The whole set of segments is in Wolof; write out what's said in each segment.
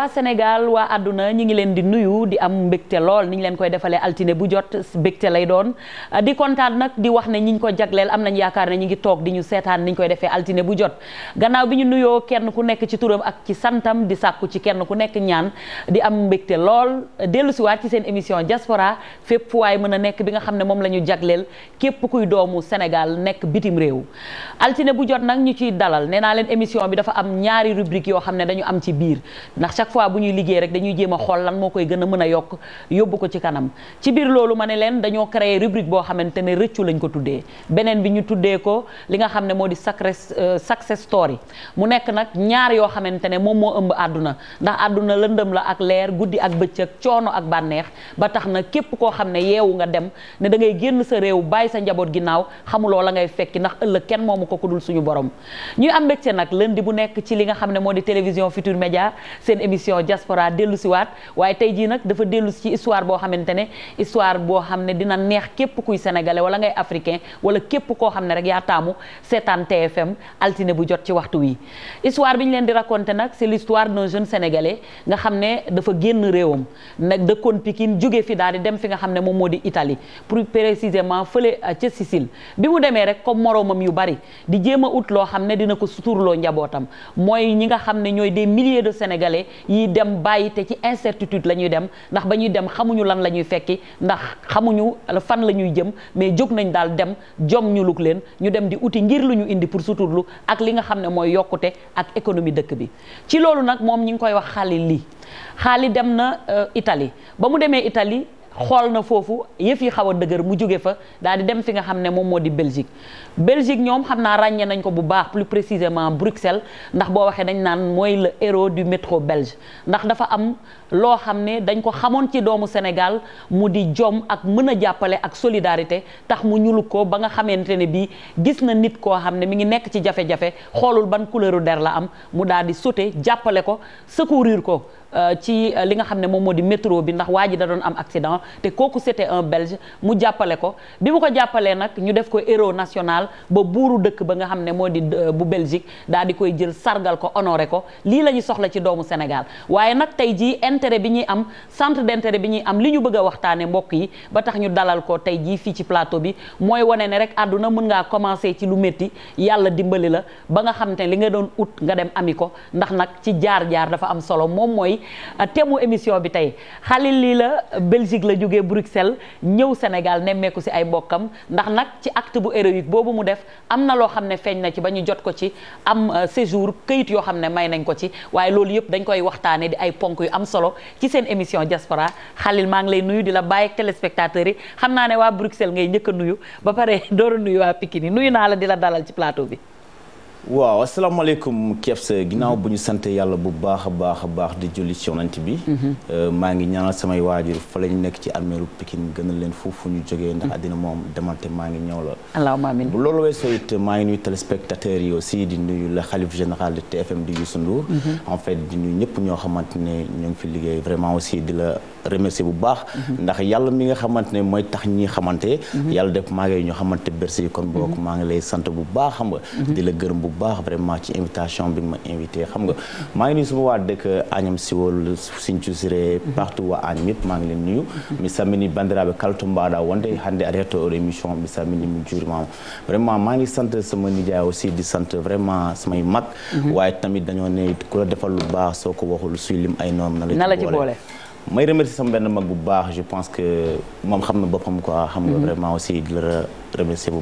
waa Sénégal waa àdduna ñi ngi leen di nuyu di am mbégte lool ni ñu leen koy defalee altine bu jot mbégte lay doon di kontaan nag di wax ne ñi ñu ko jagleel am nañ yaakaar ne ñi ngi toog di ñu seetaan ni ñu koy defee altine bu jot gannaaw bi ñu nuyoo kenn ku nekk ci turam ak ci santam di sàkku ci kenn ku nekk ñaan di am mbégte lool dellu siwaat ci seen émission diaspora fépp fu waay mën a nekk bi nga xam ne moom la ñu jagleel képp kuy doomu Sénégal nekk bitim réew altine bu jot nag ñu ciy dalal nee naa leen émission bi dafa am ñaari rubrique yoo xam ne dañu am ci biir chaque fois bu ñuy liggéey rek dañuy jéem a xool lan moo koy gën a mën a yokk yóbbu ko ci kanam ci biir loolu ma ne leen dañoo créer rubrique boo xamante ne rëccu lañ ko tuddee beneen bi ñu tuddee ko li nga xam ne moo di success euh, success story mu nekk nag ñaar yoo xamante ne moom moo ëmb àdduna ndax àdduna lëndëm la ak leer guddi ak bëccëg coono ak bànneex ba tax na képp koo xam ne yeewu nga dem ne da ngay génn sa réew bàyyi sa njaboot ginnaaw xamuloo la ngay fekki ndax ëllëg kenn moomu ko kudul suñu borom ñuy am mbégte nag lundi bu nekk ci li nga xam ne moo di télévision Futur émission diaspora dellu si waat waaye tey jii nag dafa dellu si ci histoire boo xamante ne histoire boo xam ne dina neex képp kuy sénégalais wala ngay africain wala képp koo xam ne rek yaa taamu seetaan TFM altine bu jot ci waxtu wi. histoire bi ñu leen di raconter nag c'est l'histoire d'un jeune sénégalais nga xam ne dafa génn réewam nag dëkkoon Pikine jóge fi daal di dem fi nga xam ne moom moo di Italie plus précisément fële euh, ca Sicile bi mu demee rek comme moroomam yu ba di jéem a ut loo ne dina ko suturloo njabootam mooy ñi nga xam yi dem bàyyi te ci incertitude la ñuy dem ndax ba ñuy dem xamuñu lan la ñuy fekki ndax xamuñu fan la ñuy jëm mais jóg nañ daal dem jom ñu lug leen ñu dem di uti ngir lu ñu indi pour lu ak li nga xam ne mooy yokkute ak économie dëkk bi ci loolu nag moom ñi ngi koy wax Xali lii Xali dem na euh, Italie ba mu demee Italie xool na foofu yëf yi xaw a dëgër mu jóge fa daal di dem fi nga xam ne moom moo di Belgique Belgique ñoom xam naa ràññee nañ ko bu baax plus précisément Bruxelles ndax boo waxee dañ naan mooy le héros du métro belge ndax dafa am loo xam ne dañ ko xamoon ci doomu Sénégal mu di jom ak mën a jàppale ak solidarité tax mu ñulug ko ba nga xamante ne bii gis na nit koo xam ne mi ngi nekk ci jafe-jafe xoolul ban couleuru der la am mu daal di sauter jàppale ko secourir ko Euh, ci euh, li nga xam ne moom moo di métro bi ndax waa ji da doon am accident te kooku c'était un belge mu jàppale ko bi mu ko jàppalee nag ñu def ko héros national ba buuru dëkk ba nga xam ne moo di euh, bu Belgique daal di koy jël sargal ko honoré ko lii la ñu soxla ci doomu Sénégal waaye nag tey jii intérêt bi ñuy am centre d'intérêt bi ñuy am li ñu bëgg a waxtaane mbokk yi ba tax ñu dalal ko tey jii fii ci plateau bi mooy wane ne rek àdduna mën ngaa commencer ci lu métti yàlla dimbali la ba nga xam li nga doon ut nga dem ami ko ndax nag ci jaar-jaar dafa am solo moom mooy ni euh, thème émission bi tey Khalil lii la Belgique la jógee Bruxelles ñëw Sénégal nemmeeku si ay mbokkam ndax nag ci acte bu héroïque boobu mu def am na loo xam ne feeñ na ci ba ñu jot ko ci am euh, séjour kayit yoo xam ne may nañ ko ci waaye loolu yëpp dañ koy waxtaane di ay ponk yu am solo ci seen émission diaspora xalil maa ngi lay nuyu di la bàyyi ak yi xam naa ne waa Bruxelles ngay njëkk nuyu ba pare door a nuyu waa Pikine nuyu naa la di la dalal ci plateau bi waaw asalaamaaleykum Kebs ginnaaw bu ñu sant yàlla bu baax a baax a baax di julli ci bi mhm. euh, maa ngi ñaanal samay waajur fa lañ nekk ci armeeru Pikine gënal leen foofu ñu jógee ndax mhm. àddina moom demante maa ngi ñëw la allahumma amiin bu loolu weesoo it maa ngi nuyu téléspectateurs yi aussi di nuyu la xalif général de TFM di Youssou Ndour mhm. en fait di nuyu ñëpp ñoo xamante ne ñoo ngi fi liggéey vraiment aussi di la remercier bu baax mhm. ndax yàlla mi nga xamante ne mooy tax ñi xamante mhm. yàlla def maa ngi ñu xamante Bercy kon mhm. boog maa ngi lay sant bu baax xam nga di la gërëm bu baax vraiment ci invitation bi ma invité xam nga maa ngi nuyu suma waa dëkk Agnam Siwol Sinthiou Siré partout waa Agnam yëpp maa ngi leen nuyu mi samini bandiraɓe kala to mbaɗa wonde hannde aɗa hetto oɗo émission mi samini mi jurimama vraiment maa ngi sant sama nijaay aussi di sant vraiment samay mag waaye tamit dañoo ne ku la defal lu baax soo ko waxul suy lim ay noom la ci may remercier sama benn mag bu baax je pense que moom xam na boppam quoi. xam nga mhm. vraiment aussi di la remercier bu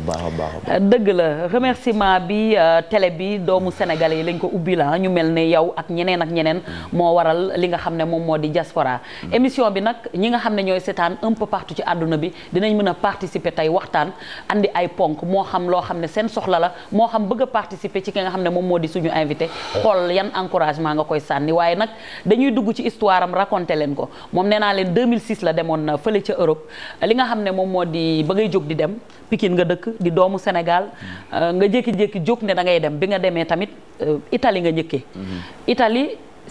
dëgg la remerciement bi euh, télé bi doomu sénégalais yi lañ ko ubbi la ñu mel ni yow ak ñeneen ak ñeneen moo waral li nga xam ne moom moo di diaspora émission bi nag ñi nga xam ne ñooy seetaan un ci àdduna bi dinañ mën a participer tey waxtaan andi ay ponk moo xam loo xam ne seen soxla la moo xam bëgg a participer ci ki nga xam ne moom moo di suñu invité xool yan encouragement nga koy sànni waaye nag dañuy dugg ci histoire am leen ko moom nee naa leen 2006 la demoon fële ca Europe li nga xam ne moom moo di ba ngay jóg di dem pikin nga dëkk di doomu Sénégal euh, nga jékki-jékki jóg ne da ngay dem bi nga demee tamit euh, Italie nga njëkkee mhm. Italie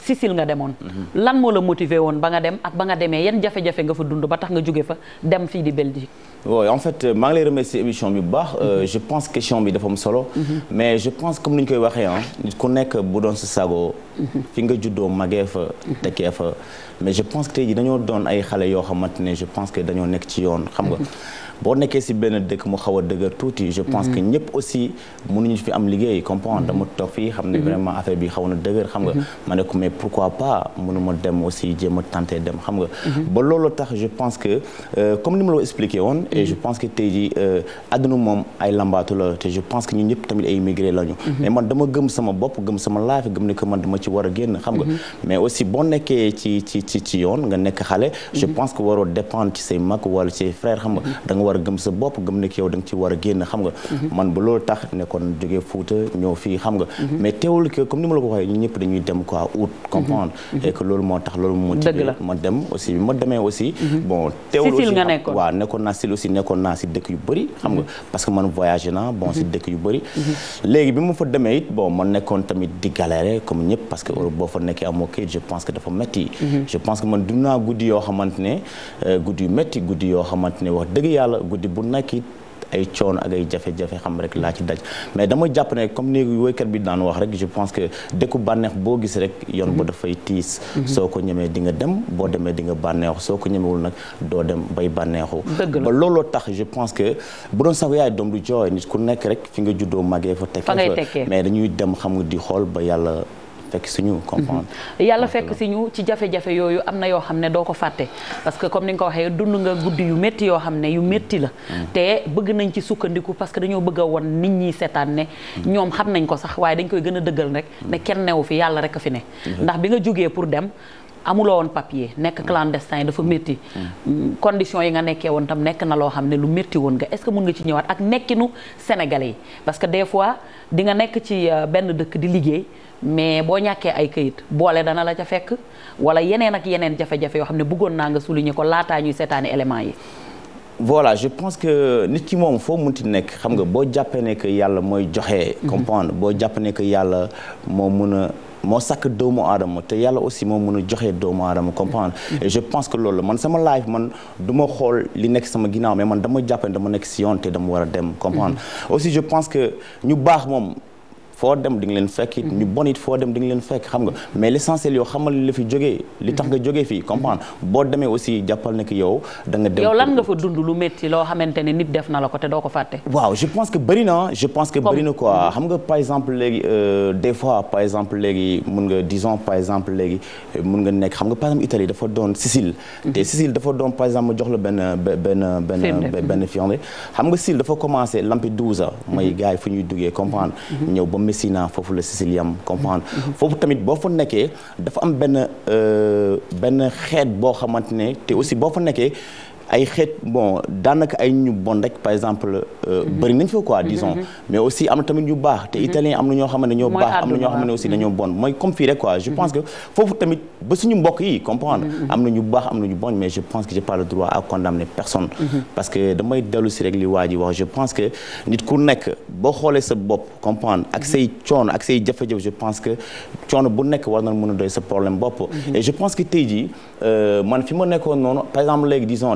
Sicile nga demoon mhm. lan moo la motiver woon ba nga dem ak ba nga demee yan jafe-jafe nga fa dund ba tax nga jóge fa dem fii di Belgique oui en fait euh, maa ngi lay remercier émission bi bu baax mhm. je pense question bi dafa am solo mais je pense comme ni ñu koy waxee ah ku nekk bu doon sa sago fi nga juddoo magee fa tekkee fa mais je pense que tey jii dañoo doon ay xale yoo xamant ne je pense que dañoo nekk ci yoon xam nga boo nekkee si benn dëkk mu xaw a dëgër tuuti je pense que mhm. ñëpp aussi mënuñu fi am liggéey comprendre mhm. dama toog fii xam mhm. xam nga ma ne pas mënuma dem aussi jéem a dem xam nga ba loolu tax je pense que euh, comme ni ma la expliqué woon et que tey jii euh, àdduna moom la te je pense que ñun ñëpp tamit ay immigré lañu mais man dama gëm sama bopp gëm sama laaf gëm ne que man dama ci war a génn xam nga mais aussi boo nekkee ci ci ci ci yoon nga nekk xale je pense que waroo dépendre ci say mag wala ci say frère xam nga war a gëm sa bopp gëm ne ki yow da nga ci war a génn xam nga mhm. man ba loolu tax ne nekkoon naa si dëkk yu bëri xam nga mhm. parce que man voyagé naa bon si mhm. dëkk yu bëri léegi bi ma fa demee it bon man nekkoon tamit di galérer comme ñëpp parce que boo fa nekkee amoo kayit je pense que dafa metti je pense que man dund naa guddi yoo xamante euh, guddi yu metti guddi yoo xamante wax dëgg yàlla la guddi bu nekk it ay coono ak ay jafe-jafe xam rek laa ci daj mais dama jàpp ne comme ni woykat bi daan wax rek je pense que dëkku bànneex boo gis rek yoon ba mhm. dafay tiis mhm. soo ko ñemee di nga dem boo demee di nga bànneexu soo ko ñemewul nag doo dem bay bànneexu ba looloo tax je pense que bu doon sax yaay doom du jooy nit ku nekk rek fi nga juddoo màggee fa tekkee fa mais dañuy dem xam di xool ba yàlla fekk si ñu mm-hmm. yàlla fekk si ci jafe-jafe yooyu am na yoo xam ne doo ko fàtte parce que comme ni nga ko waxee dund nga guddi yu métti yoo xam ne yu métti la. Mm-hmm. te bëgg nañ ci sukkandiku parce que dañoo bëgg a won nit ñi seetaan ne. Mm-hmm. ñoom xam nañ ko sax waaye dañ koy gën a dëggal rek. ne kenn newu fi yàlla rek a fi ne. ndax nga jógee pour dem. amuloo woon papier nekk clandestin dafa métti mm, condition yi nekkee woon tam nekk na loo xam ne lu métti woon nga est-ce que mun nga ci ñëwaat ak nekkinu Sénégalais yi parce que des fois di nga nekk ci euh, benn dëkk di liggéey mais boo ñàkkee ay kayit boole dana la ca fekk wala yeneen ak yeneen jafe-jafe yoo xam ne bëggoon naa nga souligner ko laataa ñuy seetaani éléments yi. voilà je pense que nit ki moom foo mun ti nekk xam nga boo jàppee ne yàlla mooy joxe. comprendre boo jàppee ne que yàlla moo mun a moo sàkk doomu aadama te yàlla aussi moo mun a joxe doomu aadama comprendre. Mm-hmm. et je pense que loolu man sama life man du ma xool li nekk sama ginnaaw mais man dama jàpp ne dama nekk si yoon te dama war a dem. comprendre mm-hmm. foo dem di leen fekk ñu bon it foo dem di nga leen fekk xam nga mais l'essentiel yow xamal la fi jógee li tax nga jógee fii comprendre boo demee aussi jàppal ne yow da nga dem yow lan nga dund lu métti loo xamante ne nit def na la ko te ko fàtte waaw pense que bëri je pense que bëri na quoi xam nga par exemple léegi euh, des fois par exemple léegi mun nga disons par exemple léegi mun nga nekk xam nga par exemple dafa doon Sicile mhm. te Sicile dafa doon par exemple jox la benn benn benn benn firnde xam nga Sicile dafa commencé Lampedusa mhm. mooy gars yi fu ñuy duggee comprendre mhm. ñëw ba Messina foofu la Sicile yam comprendre foofu tamit boo fa nekkee dafa am benn euh, benn xeet boo xamante ne te aussi boo fa nekkee ay xeet bon daanaka ay ñu bon rek par exemple euh, mhm. bëri nañ fa quoi mhm. disons mhm. mais aussi am na tamit ñu baax te italien am na ñoo xam ne ñoo xam ne aussi dañoo bon mooy comme fii rek quoi je pense que foofu tamit ba suñu mbokk yi comprendre am na ñu baax am na ñu bon mais je pense que j'ai pas le droit à condamner nit ku nekk boo xoolee sa bopp comprendre ak say coono ak say jafe-jafe je pense que coono bu nekk war na mën a doy sa problème bopp et je pense que tey jii euh, man fi ma nekkoon noonu par exemple léegi disons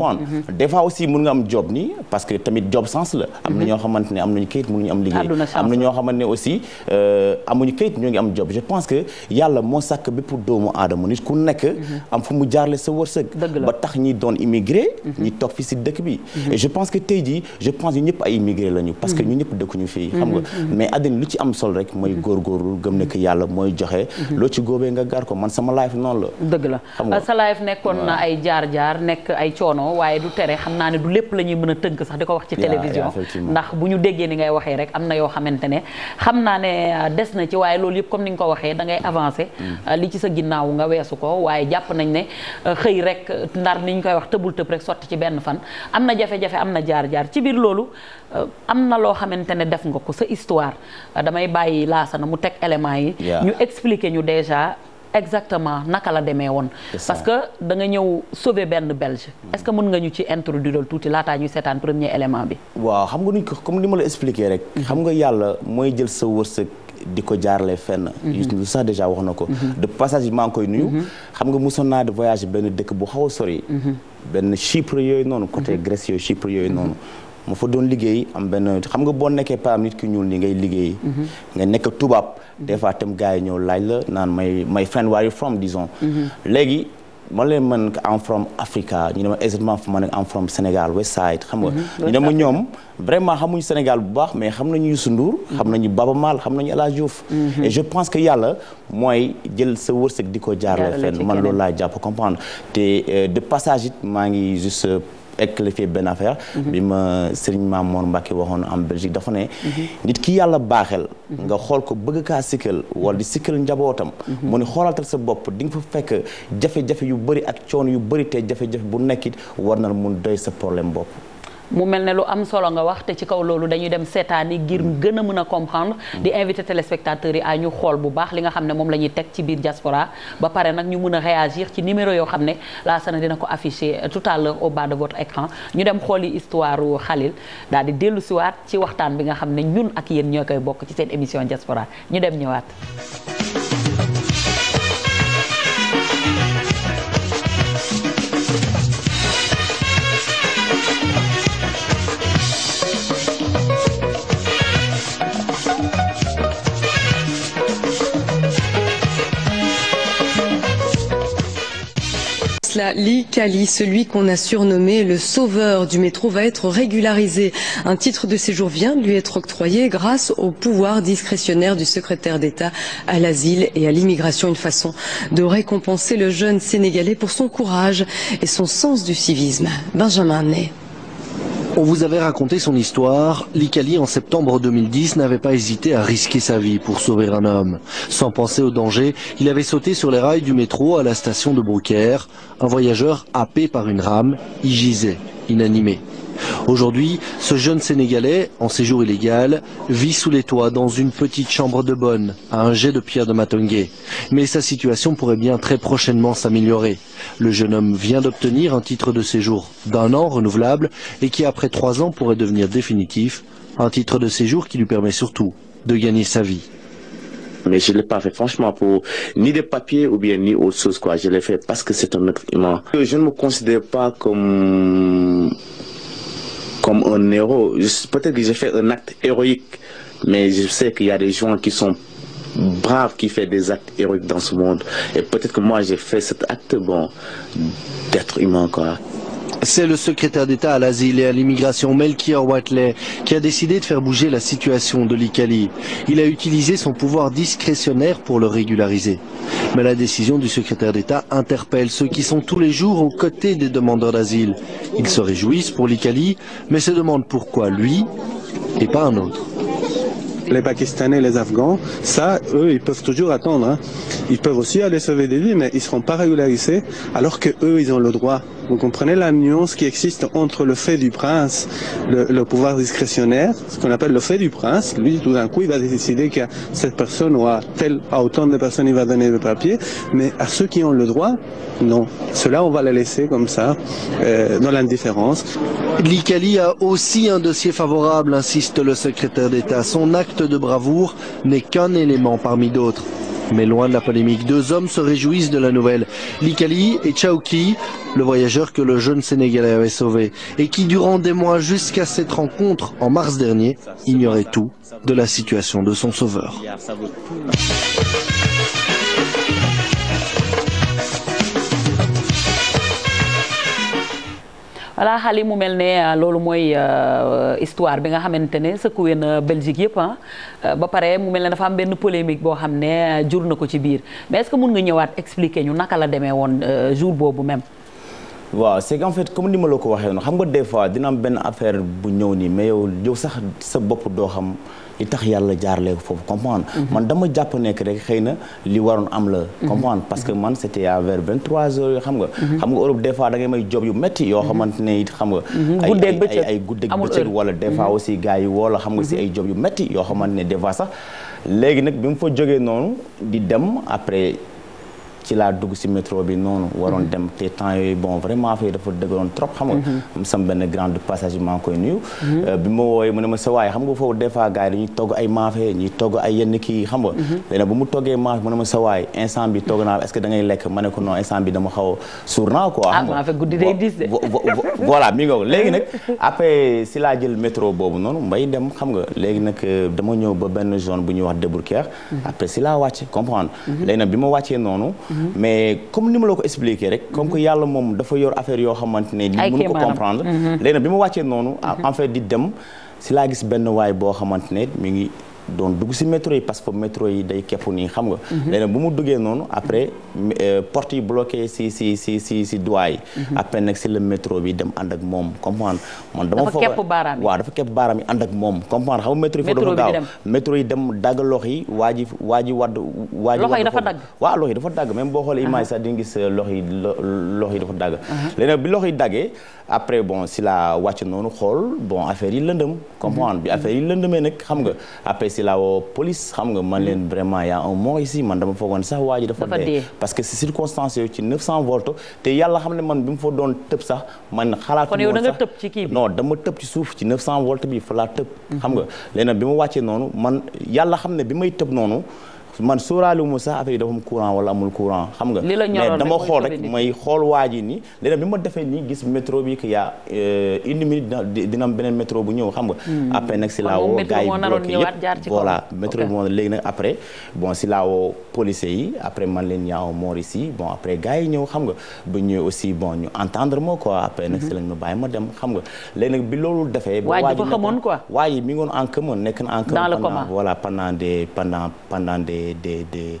comprendre mhm. Mhm. des fois aussi mën nga am job nii parce que tamit job sens la am na mhm. ñoo xamante ne am na ñoo xamante ne aussi euh, amuñu kayit ñoo ngi am job je que yàlla moo sàkk bépp doomu aadama nit ku nekk am fu mu jaarle sa wërsëg ba tax ñi doon immigré ñi toog fi si dëkk bi et je pense que tey ji je pense ñu ñëpp ay immigré lañu parce que ñu ñëpp dëkkuñu fii xam nga mais àddina lu ci am sol rek mooy góorgóorlu gëm ne yàlla mooy joxe loo ci góobee nga gar ko man sama la dëgg la sa life émission waaye du tere xam naa ne du lépp la mën a tënk sax di ko wax ci télévision ndax bu ñu déggee ni ngay waxee rek am na yoo xamante ne xam naa ne euh, des na ci waaye loolu yëpp comme ni nga ko waxee da ngay avancé mm. euh, li ci sa ginnaaw nga weesu ko waaye jàpp nañ ne euh, xëy rek ndar ni ñu koy wax tëbul tëb rek sotti ci benn fan am na jafe-jafe am na jaar-jaar ci biir loolu am na loo xamante ne def nga ko sa histoire damay bàyyi laasana mu teg éléments yi ñu expliquer exactement naka la demee woon. parce que da ñëw sauver benn belge. est-ce que mën nga ñu ci introduire tuuti laataa ñuy seetaan premier élément bi. waaw xam nga nuñ ko comme ni ma la expliqué rek. Mhm. xam nga yàlla mooy jël sa wërsëg. di ko jaarale fenn. lu mhm. sax déjà wax na ko. Mhm. de passage maa ngi koy nuyu. xam nga mosoon naa de voyage benn dëkk bu xaw sori. benn Chypre yooyu noonu. côté Grèce yooyu Chypre yooyu noonu. moo fa doon liggéey am benn xam nga boo nekkee par nit ki ñuul ni ngay liggéey. Mhm. nga nekk tubaab. Mhm. des fois tam gars yi ñëw laaj la naan may may friend where you from disons. Mhm. léegi man leen man am from Africa ñu ne ma fu ma nekk am from Sénégal West xam nga. ma ñoom vraiment xamuñu Sénégal bu baax mais xam nañu Youssou Ndour. xam nañu Baba Maal xam nañu El Hadj Diouf. je pense que yàlla mooy jël sa wërsëg di ko jaarale fenn man loolu laa jàpp comprendre te euh, de passage it maa ngi juste. éclaircir benn affaire bi ma moom Mamour Mbacke waxoon en Belgique dafa ne nit ki yàlla baaxel nga xool ko bëgg kaa sikkal wala di sikkal njabootam mu ne xoolaatal sa bopp di nga fa fekk jafe-jafe yu bëri ak coon yu bëri te jafe-jafe bu nekkit war na la mun doy sa problème bopp mu mel ne lu am solo nga wax te ci kaw loolu dañuy dem seetaani ngir mm. gën a mën a comprendre mm. di invité téléspectateurs yi à ñu xool bu baax li nga xam ne moom la ñuy teg ci biir diaspora ba pare nag ñu mën a réagir ci numéro yoo xam ne Lassana dina ko affiché tout à l'heure au bas de votre écran ñu dem xooli histoire u Khalil daal di dellu siwaat ci waxtaan bi nga xam ne ñun ak yéen ñoo koy bokk ci seen émission diaspora ñu dem ñëwaat cela, Lee Kali, celui qu'on a surnommé le sauveur du métro, va être régularisé. Un titre de séjour vient de lui être octroyé grâce au pouvoir discrétionnaire du secrétaire d'État à l'asile et à l'immigration. Une façon de récompenser le jeune Sénégalais pour son courage et son sens du civisme. Benjamin Ney. On vous avait raconté son histoire. L'Icali, en septembre n'avait pas hésité à risquer sa vie pour sauver un homme. Sans penser au danger, il avait sauté sur les rails du métro à la station de Beaucaire. Un voyageur happé par une rame y gisait, inanimé. Aujourd'hui, ce jeune Sénégalais, en séjour illégal, vit sous les toits dans une petite chambre de bonne, à un jet de pierre de Matongué. Mais sa situation pourrait bien très prochainement s'améliorer. Le jeune homme vient d'obtenir un titre de séjour d'un an renouvelable et qui, après trois ans, pourrait devenir définitif. Un titre de séjour qui lui permet surtout de gagner sa vie. Mais je ne l'ai pas fait franchement pour ni des papiers ou bien ni autre comme un héros. Peut-être que j'ai fait un acte héroïque, mais je sais qu'il y a des gens qui sont braves, qui font des actes héroïques dans ce monde. Et peut-être que moi, j'ai fait cet acte, bon, d'être humain, quoi. c'est le secrétaire d'État à l'asile et à l'immigration Melchior Watley qui a décidé de faire bouger la situation de l'Italie. Il a utilisé son pouvoir discrétionnaire pour le régulariser. Mais la décision du secrétaire d'État interpelle ceux qui sont tous les jours aux côtés des demandeurs d'asile. Ils se réjouissent pour l'Italie, mais se demandent pourquoi lui et pas un autre les Pakistanais, les Afghans, ça, eux, ils peuvent toujours attendre. Hein. alors que eux, Vous comprenez la nuance qui existe entre le fait du prince, le, le pouvoir discrétionnaire, ce qu'on appelle le fait du prince. Lui, tout d'un coup, il va décider qu'à cette personne ou à telle, à autant de personnes, il va donner le papier. Mais à ceux qui ont le droit, non. Cela, on va laisser comme ça, euh, dans l'indifférence. L'ICALI a aussi un dossier favorable, insiste le secrétaire d'État. Son acte de bravoure n'est qu'un élément parmi d'autres. Mais loin de la polémique, deux hommes se réjouissent de la nouvelle. Likali et Chauki, le voyageur que le jeune Sénégalais avait sauvé et qui, durant des mois jusqu'à cette rencontre en mars dernier, ignorait tout de la situation de son sauveur. xal xali mu mel ne euh, loolu mooy euh, euh, histoire bi nga xamante ne secoué na Belgique yëpp ah ba pare mu mel ne dafa am benn polémique boo xam ne jur na ko ci biir mais est que mun nga ñëwaat expliquer ñu naka la demee woon jour boobu même. waaw c'est qu'en comme ni ma la ko waxee noonu xam nga des fois dina benn affaire bu ñëw nii mais yow yow sax sa bopp doo xam. li tax yàlla jaarale ko foofu comprendre mhm. man dama jàpp nekk rek xëy na li waroon am la mhm. comprendre parce que man c'était à vingt trois heures yoo xam nga mhm. xam nga Europe des fois may job yu métti yoo xam nga ay bëccëg wala des fois aussi gars yi woo la xam nga si ay job yu métti yoo xamante ne des sax léegi nag bi mu fa jógee noonu di dem après ci laa dugg si métro bi noonu waroon mhm. dem te temps yooyu bon vraiment affaire yi dafa dëgëroon trop xam nga am mhm. sam benn grande passage maa mhm. euh, ma wooyee mu ne ma sa waay xam nga foofu des fois gars yi ma sa waay instant bi togg naa que da lekk ma ne ko non instant bi dama xaw a suur naa quoi ah, xam nga guddi boobu noonu mbay dem xam nga léegi nag euh, dama ñëw ba benn zone bu ñuy wax Déboucquère après si laa wàcce comprendre léegi nag bi ma wàccee noonu Mm-hmm. mais comme ni ma la ko expliqué rek comme mm-hmm. que yàlla moom dafa yor affaire yoo xamante ne ni mënu ko comprendre mm-hmm. léegi nag bi ma wàccee noonu en di dem si laa gis benn waay boo xamante ne mi ngi doon dugg si métro yi parce que métro yi day kepp nii xam nga mhm. léegi nag bu mu duggee noonu après euh, porte yi bloqué si si si si si doigt yi mhm. après nag si le métro bi dem ànd ak moom comprendre man dama foog waaw dafa kepp baaraam yi ànd ak moom comprendre xam nga métro yi foofu dafa gaaw métro yi dem dagg lox yi waa ji waa ji wadd boo xoolee image sax di nga gis euh, lox yi yi dafa dagg léegi bi lox yi daggee après bon si la wàcc noonu xool bon affaire yi lëndëm comprendre mhm. bi affaire yi lëndëmee nag xam nga après laa la woo police xam nga man leen mm. vraiment y a un mort man dama foogoon sax waa ji dafa dee parce que si circonstance yooyu ci 900 volts te yàlla xam ne man bi mu fa doon tëb sax man xalaatu kon yow da dama tëb ci suuf ci 900 volts bi fa laa tëb mm-hmm. xam nga léegi nag bi ma wàccee noonu man yàlla xam ne bi may tëb noonu man sóoraalu mu sax affaire yi dafa am courant wala amul courant xam nga mais dama xool defee nii gis métro bi que y'a euh, une minute dina xam nga hmm. après nag si laa woo gars yi bloqué yëpp voilà métro bi moo léegi nag après bon si laa woo policiers yi après man leen ñaaw moor ici bon après gars yi ñëw xam nga bu ñëwee aussi bon ñu entendre moo quoi après nag si hmm. lañ ma bàyyi ma dem xam nga léegi nag lu loolu defee waa ji xamoon quoi waa ji mi nekk na en commun des,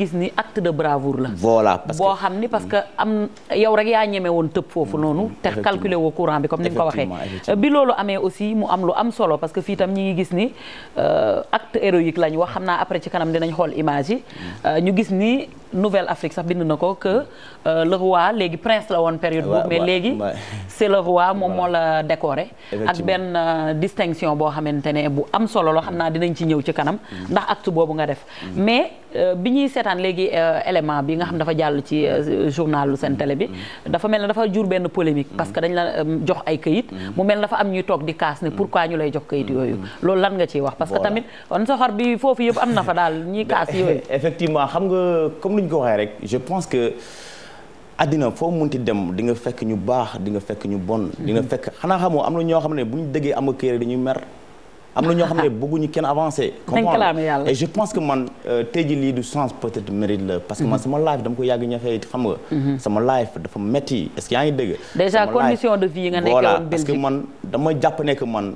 gis ni acte de bravoure la. voilà parce que boo xam ni parce que am yow rek yaa ñeme woon tëb foofu mm, noonu. te calculer woo courant bi comme ni nga ko waxee. bi amee aussi mu am lu am solo parce que fii tam ñi gis ni euh, acte héroïque lañ wax xam naa après ci kanam dinañ xool image yi. Mm. Euh, ñu gis ni Nouvelle Afrique sax bind na ko que Euh, le roi léegi prince la woon période boobu mais léegi c'est le roi moom moo la décoré ak benn euh, distinction boo xamante ne bu am solo loo xam naa dinañ ci ñëw ci kanam mm. ndax acte boobu nga def mm. mais euh, bi ñuy seetaan léegi élément bi nga xam dafa jàll ci journalu seen télé bi mm. dafa mel ne dafa jur benn polémique parce que dañ la jox ay këyit mu mel ne dafa am ñuy toog di kaas ne pourquoi ñu lay jox këyit yooyu loolu lan nga ciy wax parce que tamit on bi foofu yëpp am na fa daal ñiy kaas yooyu effectivement xam nga comme ni ñu ko waxee rek je pense que àddina foo mun ti dem di nga fekk ñu baax di nga fekk ñu bon di nga mhm. fekk xanaa xamoo am na ñoo xam ne bu ñu dëggee am nga kër dañuy mer am na ñoo xam ne bëgguñu kenn avancé comprendre et je pense que man euh, te ji lii du sens peut-être mérite la parce que man mhm. sama life dama ko yàgg ñafee xam nga mhm. sama life dafa metti est yaa ngi dëgg déjà condition de vie yi nga nekk voilà parce que man dama jàpp ne que man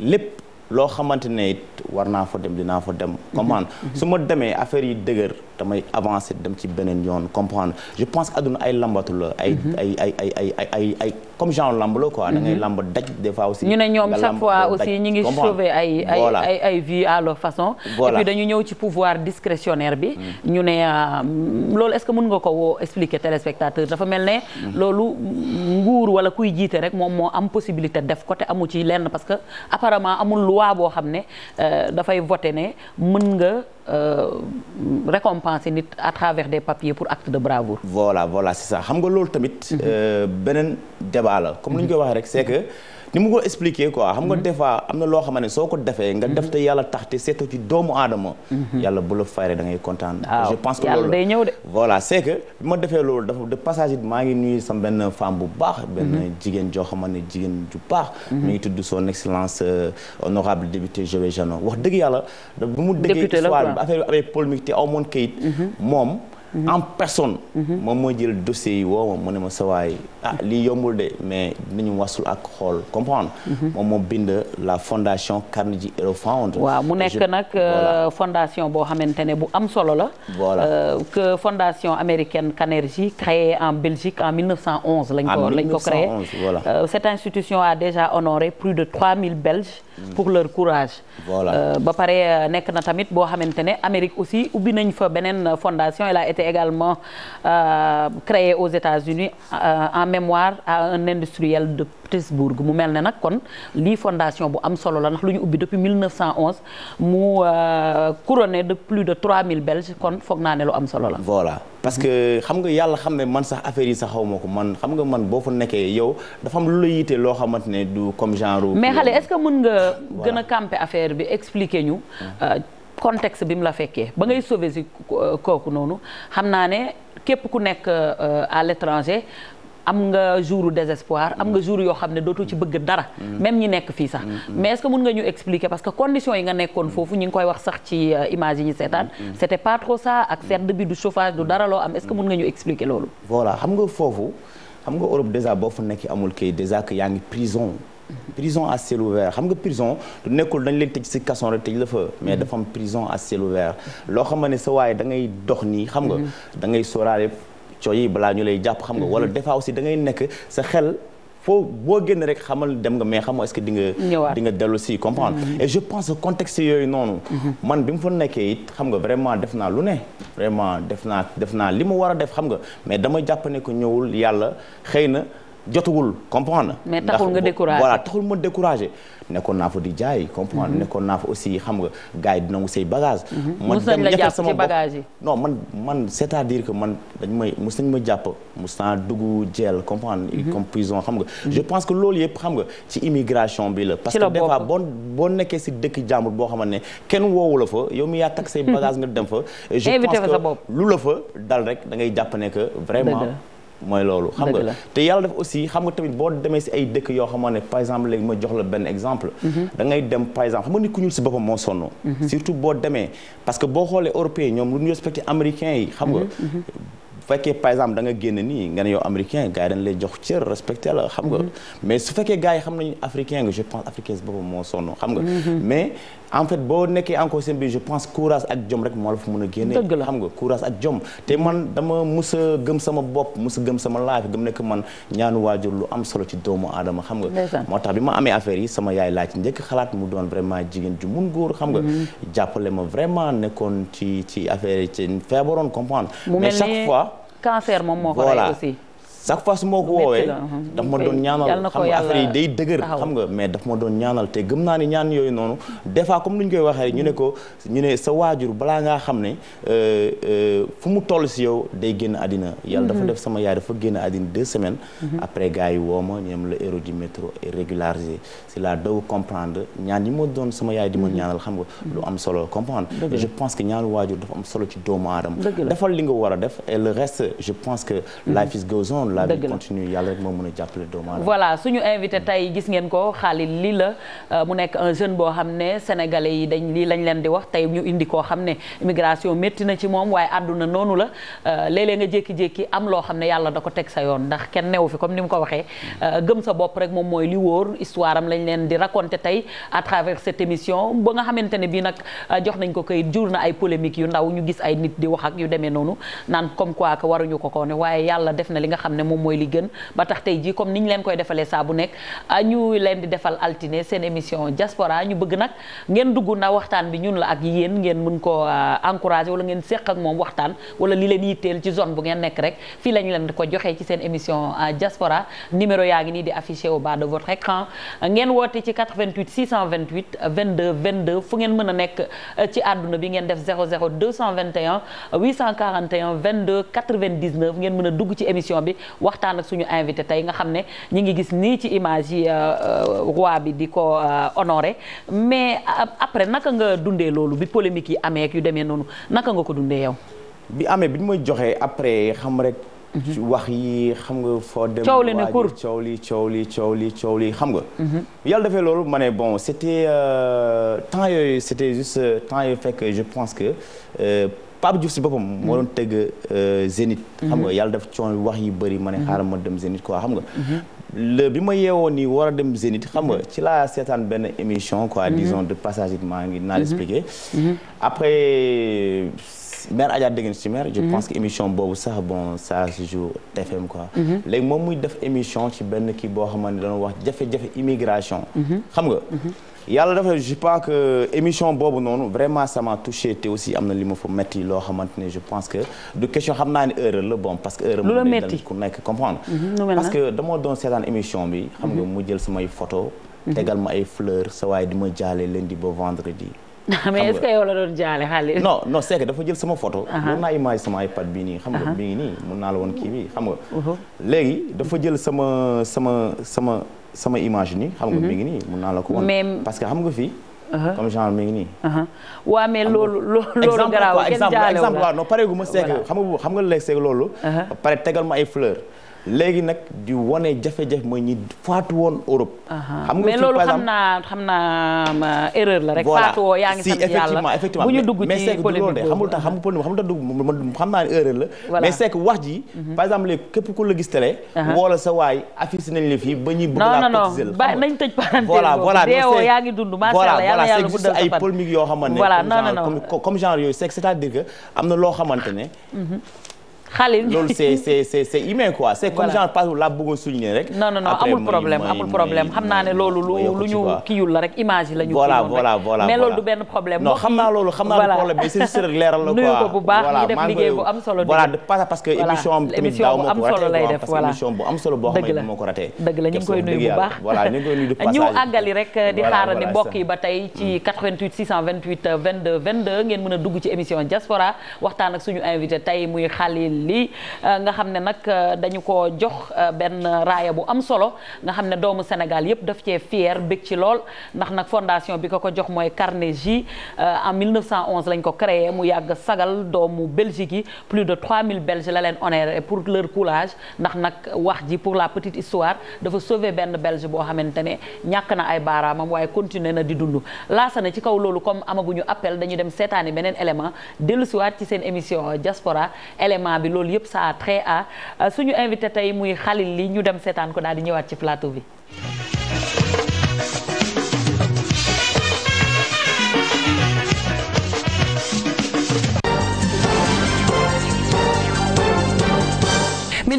lépp loo xamante ne it war naa fa dem dinaa fa dem comprendre su ma demee affaire yi dëgër damay avancer dem ci beneen yoon comprendre je pense aduna ay lambatu mhm. ay ay ay comme genre lamb la quoi. da ngay mhm. lamb daj des aussi. ñu ne ñoom chaque fois aussi ñu ngi sauver ay vie à façon. voilà et ñëw ci pouvoir discrétionnaire bi. Mhm. ñu ne euh, loolu est-ce que mën nga ko woo expliquer téléspectateur dafa mel ne. loolu nguur wala kuy jiite rek moom moo am possibilité def ko te amu ci lenn parce que apparemment amul loi boo xam ne euh, dafay voter ne mën nga. Euh, récompenser nit à travers des papiers pour acte de bravoure. voilà voilà c'est ça xam nga loolu tamit. Mm-hmm. Euh, beneen débat comme ni ñu koy waxee rek c'est ni mu ko expliquer quoi xam nga mm-hmm. des fois am na loo xamante ne soo ko defee nga def mm-hmm. te yàlla tax te seetoo ci doomu aadama mm-hmm. yàlla bu la fayre da ngay kontaan je pense que loolu day ñëw de voilà c'est que ma defee loolu dafa de passage it maa ngi nuyu sama benn femme bu baax benn jigéen joo xamante ne jigéen ju baax mi ngi tudd son excellence euh, honorable député Joël Jeannot wax dëgg yàlla bu mu déggee histoire affaire bi avec polémique te aw moon kayit moom Mm-hmm. en personne. Mm-hmm. moom moo jël dossier yi woo mu ne ma sawaay ah mm-hmm. lii yombul de mais dinañu wasul ak xool comprendre. moom moo bind la fondation Carnegie Hero Fund. waaw mu nekk nag euh, fondation boo xamante ne bu am solo la. voilà euh, que fondation américaine Carnegie créée en Belgique en 1911. lañ ko lañ ko créé euh, cette institution a déjà honoré plus de 3000 Belges. Mm. pour leur courage. voilà ba pare nekk na tamit boo xamante ne Amérique aussi ubbi fa beneen fondation elle a été également euh, créé aux États-Unis euh, en mémoire à un industriel de Pittsburgh mu mel ne nag kon lii fondation bu am solo la ndax lu ñu ubbi depuis 1911 mu euh, couronné de plus de 3000 belges kon foog naa ne lu am solo la. voilà parce que xam nga yàlla xam ne man sax affaire yi sax xaw ma ko man xam nga man boo fa nekkee yow dafa am lu la yite loo xamante ne du comme genre. mais xale est-ce que mën nga. gën a camper affaire bi expliquer ñu. contexte bi mu la fekkee ba ngay sauver si euh, kooku noonu xam naa ne képp ku nekk euh, à l'étranger am nga jouru désespoir am nga jour yoo xam ne dootu ci bëgg dara mm. même ñi nekk fii sax mm-hmm. mais est-ce que mun nga ñu expliquer parce que condition yi nga nekkoon foofu ñi ngi koy wax sax ci euh, image seetaan mm-hmm. c'était pas trop ça ak mm-hmm. sedd bi du chauffage du dara loo am est que mun nga ñu expliquer loolu voilà xam nga foofu xam nga Europe déjà boo fa nekk amul kay déjà que yaa ngi prison prison à ciel ouvert xam nga prison du nekkul dañ leen tëj si kason rek tëj la fa mais mhm. dafa am prison à ciel ouvert loo xam ne sa waaye da ngay dox nii xam nga mhm. da ngay sóoraale coo yi balaa ñu lay jàpp xam nga mhm. wala des aussi da ngay nekk sa xel foo boo génn rek xamal dem nga mais xamoo est-ce que di nga di nga dellu si je pense contexte yooyu noonu man bi mu fa nekkee xam nga vraiment def naa lu ne vraiment def naa def naa li mu war a def xam nga mais dama jàpp ne ko ñëwul yàlla xëy na jotugul comprendre. mais taxul nga découragé voilà taxul ma découragé. nekkoon naa fa di jaay comprendre mhm. nekkoon naa fa aussi xam nga gars yi dina mu say bagage mhm. man dem sama bopp non man man est à dire que man dañ may mos nañ ma jàpp mos naa dugg jeel comprendre mhm. comme prison xam nga je pense que loolu yëpp xam nga ci immigration bi la parce que des boo boo nekkee si dëkk jàmbur boo xamante ne kenn woowu la fa yow mi yaa takk say bagage nga dem fa je pense que lu la fa dal rek da ngay jàpp ne que vraiment mooy loolu xam nga te yàlla def aussi xam nga tamit boo demee si ay dëkk yoo xamoon ne par exemple léegi ma jox la benn exemple mhm. da dem par exemple xam nga nit ku ñuul si boppam moo sonn mhm. surtout boo demee parce que boo xoolee européen ñoom lu ñu respecté américain yi xam nga mhm, fekkee par exemple ne yow africain nga je pense africain si boppam moo sonn xam nga mais en fait boo nekkee encore seen bi je pense courage ak jom rek moo la fa mën a génne dëgg la xam nga courage ak jom te man dama mus a gëm sama bopp musa gëm sama laaj gëm nekk man ñaanu waajur lu am solo ci doomu aadama xam nga moo tax bi ma amee affaire yi sama yaay laa ci njëkk xalaat mu doon vraiment jigéen ju mun góor xam nga mhm. jàppale ma vraiment nekkoon ci ci affaire yi ci feebaroon comprendre mais chaque fois cancer moom moo ko rey chaque fois su moo ko woowee uh-huh. daf ma doon ñaanal xam nga affaire yi day dëgër xam nga mais dafa ma doon ñaanal te gëm naa ni ñaan yooyu noonu des fois comme ni ñu koy waxee ñu ne ko ñu ne sa waajur balaa ngaa xam ne euh, euh, fu mu toll si yow day génn àddina yàlla dafa mm-hmm. def sama yaay dafa génn àddina deux semaines mm-hmm. après gars yi woo ma ñoom la héros du métro régularisé c'est là doo comprendre ñaan yi ma doon sama yaay di ma mm-hmm. ñaanal xam nga lu am solo comprendre je pense que ñaanu solo ci nga war a def que life is goes la vie continue yàlla rek moo mën a jàppale doomu aadama voilà suñu la euh, mu nekk un jeune boo xam ne sénégalais di wax tey ñu indi koo xam ne immigration métti na ci moom waaye àdduna la euh, léeg-léeg nga jékki-jékki am loo xam ne yàlla da ko teg sa yoon ndax kenn newu fi comme ni ko waxee euh, gëm sa bopp mooy li wóor histoire am lañ leen di raconter tey à travers cette émission ba nga xamante ne bii nag jox nañ ko kayit jur na ay polémique yu ndaw ñu gis ay nit di wax ak yu demee def na li nga xam ne moom mooy li gën ba tax tey jii comme ni ñu leen koy defalee saa bu nekk ñu leen di defal altine seen émission jaspora ñu bëgg nag ngeen dugg na waxtaan bi ñun la ak yéen ngeen mën ko encourager wala ngeen séq ak moom waxtaan wala li leen yitteel ci zone bu ngeen nekk rek fii lañ leen ko joxee ci seen émission diaspora numéro yaa ngi nii di affiché au bas de votre écran ngeen woote ci 88 628 22 22 fu ngeen mën a nekk ci àdduna bi ngeen def 00 221 841 22 99 ngeen mën a dugg ci émission bi waxtaan ak suñu invité tey nga xam ne ñi ngi gis nii ci image yi euh, euh, roi bi di ko euh, honoré mais après naka nga dundee loolu bi polémique yi amee ak yu demee noonu naka nga ko dundee yow. bi amee bi ñu may joxee après xam rek. Mhm. wax yi xam nga foo dem. coow li ne kur coow li coow li coow li coow li xam nga. Mhm. yàlla defee loolu ma ne bon c' temps yooyu c' était juste temps yooyu fekk je pense que. Pape Diouf si boppam. moo doon tëgg euh, Zénith. xam mhm. wax yi bëri ma ne mhm. xaaral ma dem Zénith quoi xam nga. Mhm. le bi ma yeewoo nii war a dem Zénith xam nga ci laa seetaan benn émission quoi. disons de passage maa ngi naa expliqué. après. mère Adja dégg ci mère je pense que émission boobu sax bon ça se joue TFM quoi léegi moom muy def émission ci benn kii boo xamante ne dañoo wax jafe-jafe immigration xam nga yàlla dafa je pense que euh, émission boobu noonu vraiment ça m'a te aussi am na li ma fa metti loo xamante ne je pense que du question xam naa ne erreur la bon parce que erreur ku nekk comprendre mhm, parce que dama doon seetaan émission bi xam nga mhm. mu jël samay photo mhm. tegal ma ay fleurs sa waaye di ma jaale lundi ba vendredi mais est dafa jël sama photo mën naa image sama iPad bii nii xam nga bii nii mën naa la woon kii bi xam nga léegi dafa jël sama sama sama sama image nii. xam nga mhm. mi ngi nii mun naa la ko won parce que xam nga fii. Uh-huh. comme genre mi ngi nii. waaw uh-huh. mais loolu loolu. loolu garaaw kenn jaale wu la exemple quoi xam nga xam nga loolu. pare tegal ma ay léegi nag di wane jafe-jafe mooy ñi faatu woon Europe. xam nga ci par exemple naa xam naa erreur la rek. ngi sant yàlla effectivement bu ñu dugg ci polémique xam nga xam nga dugg xam naa ne erreur la. mais c'est que wax ji. Mhm. par exemple képp ku la gis télé. woo la sa waay affiche nañ la fii ba ñuy bu laa cotiser non non ba nañ tëj parenthèse voilà voilà deewoo yaa ngi dund macha allah yàlla yàlla guddal sa fan voilà c'est juste ay polémique yoo xamante ne. voilà non non comme genre yooyu c'est c'est-à-dire que am na loo xamante ne mhm. xalil c'est c'est c'est c'est humain quoi c'est comme bëgg a souligner rek non non non amul problème amul problème xam naa ne loolu lu lu ñu kiyul la rek image la ko bu baax ñu def liggéey bu am solo voilà pas parce que émission am ko am solo boo xam ne dëgg la ñu koy nuyu bu baax voilà ñu ngi koy nuyu de passage ñu àggali rek di xaarandi mbokk yi ba tey ci 88 628 22 22 ngeen mën a dugg ci émission diaspora waxtaan ak suñu invité lii euh, nga xam ne nag euh, dañu ko jox euh, benn raaya bu am solo nga xam ne doomu Sénégal yëpp daf cee fier bég ci lool ndax nag fondation bi ko ko jox mooy Carnegie en 1911 lañ ko créé mu yàgg sagal doomu Belgique yi plus de mille Belges la leen honoré pour leur courage ndax nag wax ji pour la petite histoire dafa sauver benn Belge boo xamante ne ñàkk na ay baaraamam waaye continuer na di dund laasa na ci kaw loolu comme amaguñu appel dañu dem seetaani beneen élément dellusiwaat ci seen émission diaspora élément bi bi loolu yëpp ça a trait à suñu invité tey muy Khalil li ñu dem seetaan ko daal di ñëwaat ci plateau bi.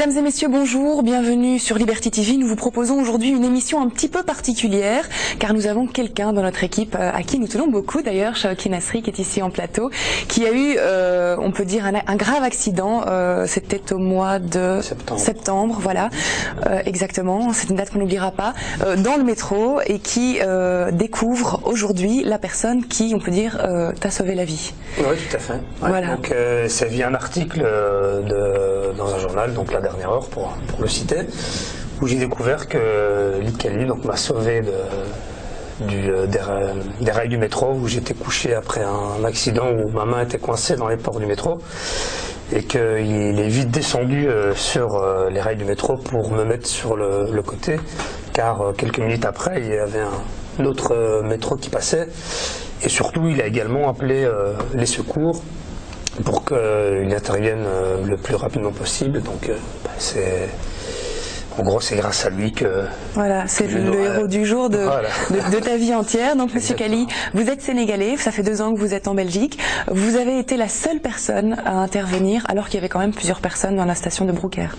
Mesdames et messieurs, bonjour, bienvenue sur Liberty TV. Nous vous proposons aujourd'hui une émission un petit peu particulière car nous avons quelqu'un dans notre équipe euh, à qui nous tenons beaucoup d'ailleurs, Shaoki Nasri qui a eu, euh, on peut dire, un, grave accident. Euh, c'était au mois de septembre, voilà, euh, exactement. C'est une date qu'on n'oubliera pas, euh, dans le métro et qui découvre aujourd'hui la personne qui, on peut dire, t'a sauvé la vie. Oui, tout première heure, pour, pour le citer, où j'ai découvert que Lee Kelly m'a sauvé de, du, euh, des, des, rails du métro, où j'étais couché après un accident où ma main était coincée dans les ports du métro, et qu'il est vite descendu euh, sur euh, les rails du métro pour me mettre sur le, le côté, car quelques minutes après, il y avait un, un autre métro qui passait, et surtout, il a également appelé les secours pour qu'ils interviennent euh, le plus rapidement possible. Donc, euh, bah, c'est en gros, c'est grâce à lui que. Voilà, c'est le, le héros du jour de, voilà. de, de, ta vie entière. Donc, Monsieur Kali, vous êtes sénégalais, ça fait deux ans que vous êtes en Belgique. Vous avez été la seule personne à intervenir, alors qu'il y avait quand même plusieurs personnes dans la station de Brouckère.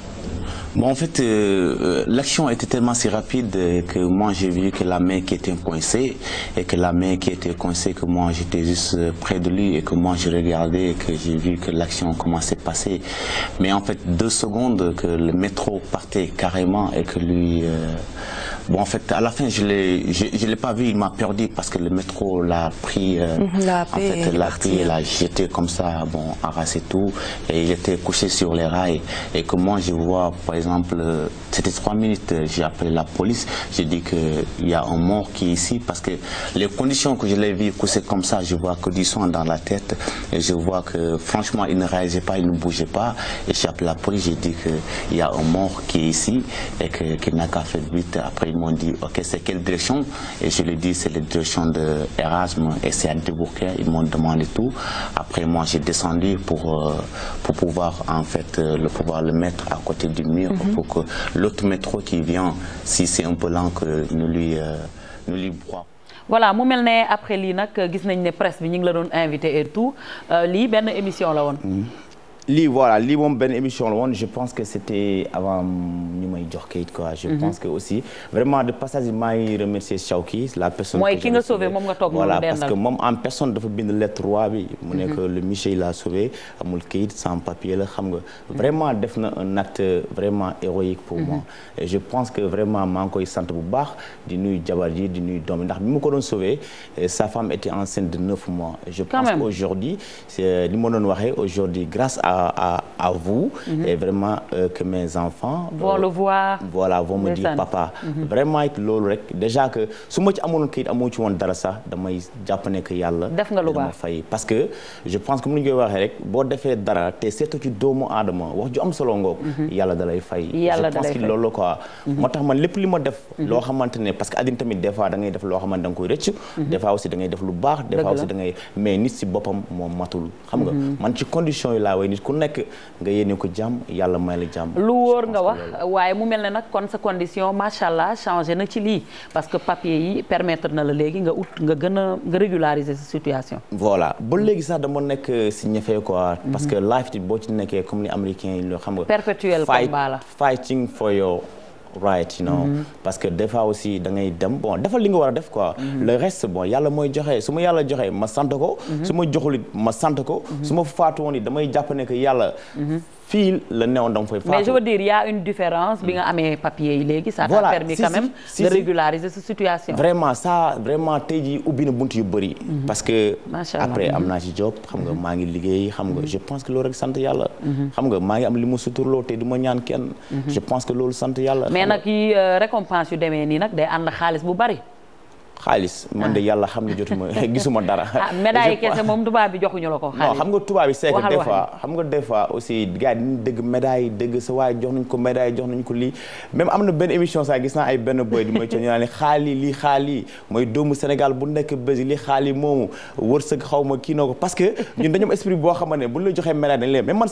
Bon, en fait, euh, euh, l'action était tellement si rapide euh, que moi j'ai vu que la main qui était coincée et que la main qui était coincée, que moi j'étais juste euh, près de lui et que moi je regardais et que j'ai vu que l'action commençait à passer. Mais en fait, deux secondes que le métro partait carrément et que lui... Euh, Bon, en fait, à la fin, je ne je, je l'ai pas vu, il m'a perdu parce que le métro l'a pris, euh, mhm, la en fait, l'a pris, l'a jeté comme ça, bon, arrasse et tout, et il était couché sur les rails. Et que moi, je vois, par exemple, euh, c'était trois minutes, euh, j'ai appelé la police, j'ai dit qu'il y a un mort qui est ici parce que les conditions que je l'ai vu couché comme ça, je vois que du sang dans la tête, et je vois que, franchement, il ne réagissait pas, il ne bougeait pas, et j'ai appelé la police, j'ai dit qu'il y a un mort qui est ici et qu'il qu n'a qu'à faire vite après une m'ont dit ok c'est quelle direction et je lui ai dit c'est la direction de Erasme et c'est à Débouquet ils m'ont demandé tout après moi j'ai descendu pour euh, pour pouvoir en fait euh, le pouvoir le mettre à côté du mur mm -hmm. pour que l'autre métro qui vient si c'est un peu lent que nous lui euh, nous lui broie voilà mu mel ne après lii nag gis nañ ne presse bi ñu ngi la doon invité et tout lii benn émission la woon mhm. lii voilà lii moom benn émission la woon je pense que c'était avant ñu may jox kayit quoi. je mhm. pense que aussi vraiment de passage bi maa ngi remercier Chawki la personne. mooy ki nga sauvé moom nga toog voilà parce que moom en personne dafa bind lettre roi bi. mu nekk mhm. le monsieur a sauvé amul kayit sans papier la xam nga. Mhm. vraiment def na un acte vraiment héroïque pour moi. je pense que vraiment maa ngi koy sant bu baax di nuyu jabar ji di nuyu doom ndax bi mu ko doon sauvé eh, sa femme était enceinte de neuf mois. je pense qu'aujourd'hui c'est li euh, ma doon waxee aujourd'hui grâce à. à, à, à vous mm -hmm. et vraiment euh, que mes enfants. Euh, vont le voir. papa. Mhm. vraiment it loolu rek déjà que su ma ci amoon kayit amoo ci woon dara sax damay jàpp ne que yàlla. def nga lu baax fay parce que boo defee dara te seetu ci doomu aadama wax ju am solo ngoog. Mhm. yàlla dalay fay. yàlla dalay que loolu quoi. Mhm. moo tax man lépp li ma def. loo xamante ne parce que addina tamit des fois da ngay def loo xamante da nga koy aussi da def lu baax. dëgg aussi da mais nit si boppam moom matul. xam nga man ci condition yi laa way nit nit ku nekk nga yéene ko jàmm yàlla may la jàmm. lu wóor nga wax waaye mu mel ne nag kon sa condition macha allah changé na ci lii parce que papier yi permettre na la léegi nga ut nga gën a nga régulariser sa situation. voilà ba léegi sax dama nekk si ñafe quoi. parce mhm. que life boo ci nekkee comme ni américain yi loo xam nga. perpétuel combat la fighting for your. right you know. Mm-hmm. parce que des fois aussi da ngay dem bon defal li nga war a def ko mm-hmm. le reste bon yàlla mooy joxe su ma yàlla joxee ma sant ko. Mm-hmm. su ma joxul ma sant ko. su ma faatu woon damay jàpp ne que yàlla. fii la newoon da nga fay faatu. mais je veux dire y' a une différence. bi nga amee papier yi léegi. ça t'a permis quand même de régulariser situation. vraiment tey jii ubbi bunt yu bëri. Mhm. parce que après am mhm. naa ci job xam maa ngi liggéey xam mhm. pense que loolu rek yàlla. xam nag yi euh, récompense yu demee nii nag day ànd xaalis bu bari. xaalis man de ah. yàlla xam ne jotuma gisuma dara. ah médaille kese moom tubaab bi joxuñu la ko. xaalis non xam nga tubaab bi c'est sa waaye jox nañ na benn émission sax gis naa ay benn boy di mooy ci ñu naan xaali lii xaali mooy doomu kii noo ko parce que ñun dañu boo xamante ne bu la joxee médaille dañ leen mais man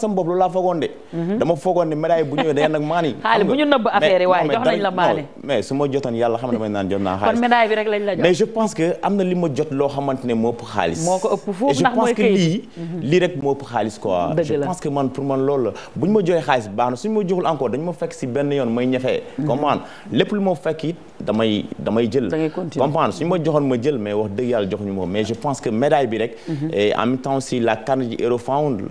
mhm. ne médaille bu ñëwee dañu nag bu la maani mais su ma jotoon yàlla xam ne may naan jot naa xaalis kon médaille bi rek lañ la mais je pense que am na li ma jot loo xamante ne moo ëpp xaalis. moo ko ëpp foofu ndax mooy kayit je pense que lii. Mhm. lii rek moo ëpp xaalis quoi. je pense que man pour man loolu la bu ñu ma joxee xaalis baax na suñu ma joxul encore dañu ma fekk si benn may ñafe. Mhm. comprendre jël. da ngay continuer comprendre ma joxoon ma jël mais wax dëgg yàlla joxuñu ma mais je pense que médaille bi rek. Mhm. et en même temps la Carnegie Hero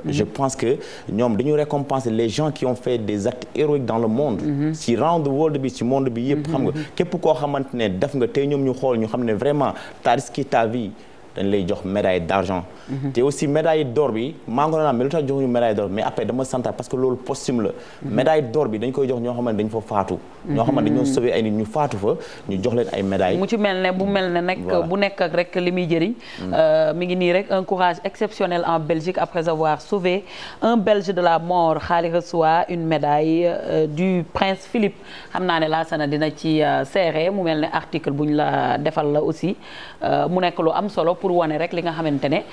je pense que ñoom dañu récompenser les gens qui ont fait des actes héroïques dans le monde. si round bi si monde bi yëpp xam nga képp koo xamante ne def nga tey ñoom ñu xool ñu xam ne vraiment t'as risqué ta vie dañ lay jox médaille d'argent mhm. te aussi médaille d'or bi maa ngi doon naan mais lu tax joxuñu médaille d'or mais après dama santal parce que loolu posthume mhm. bi dañ koy jox ñoo xamante dañ fa faatu ñoo mhm. xamante dañoo sauvé ay nit ñu faatu fa ñu jox leen ay médaille mu ci mel ne bu mel ne nag bu nekk ak rek li muy jëriñ euh, mi ngi nii rek un courage exceptionnel en Belgique après avoir sauvé un Belge de la mort xaali reçoit une médaille euh, du prince Philippe xam naa ne la sana dina ci euh, serré mu mel ne article bu ñu la defal la aussi Euh, mu nekk lu am solo pour wane rek li nga xamante ne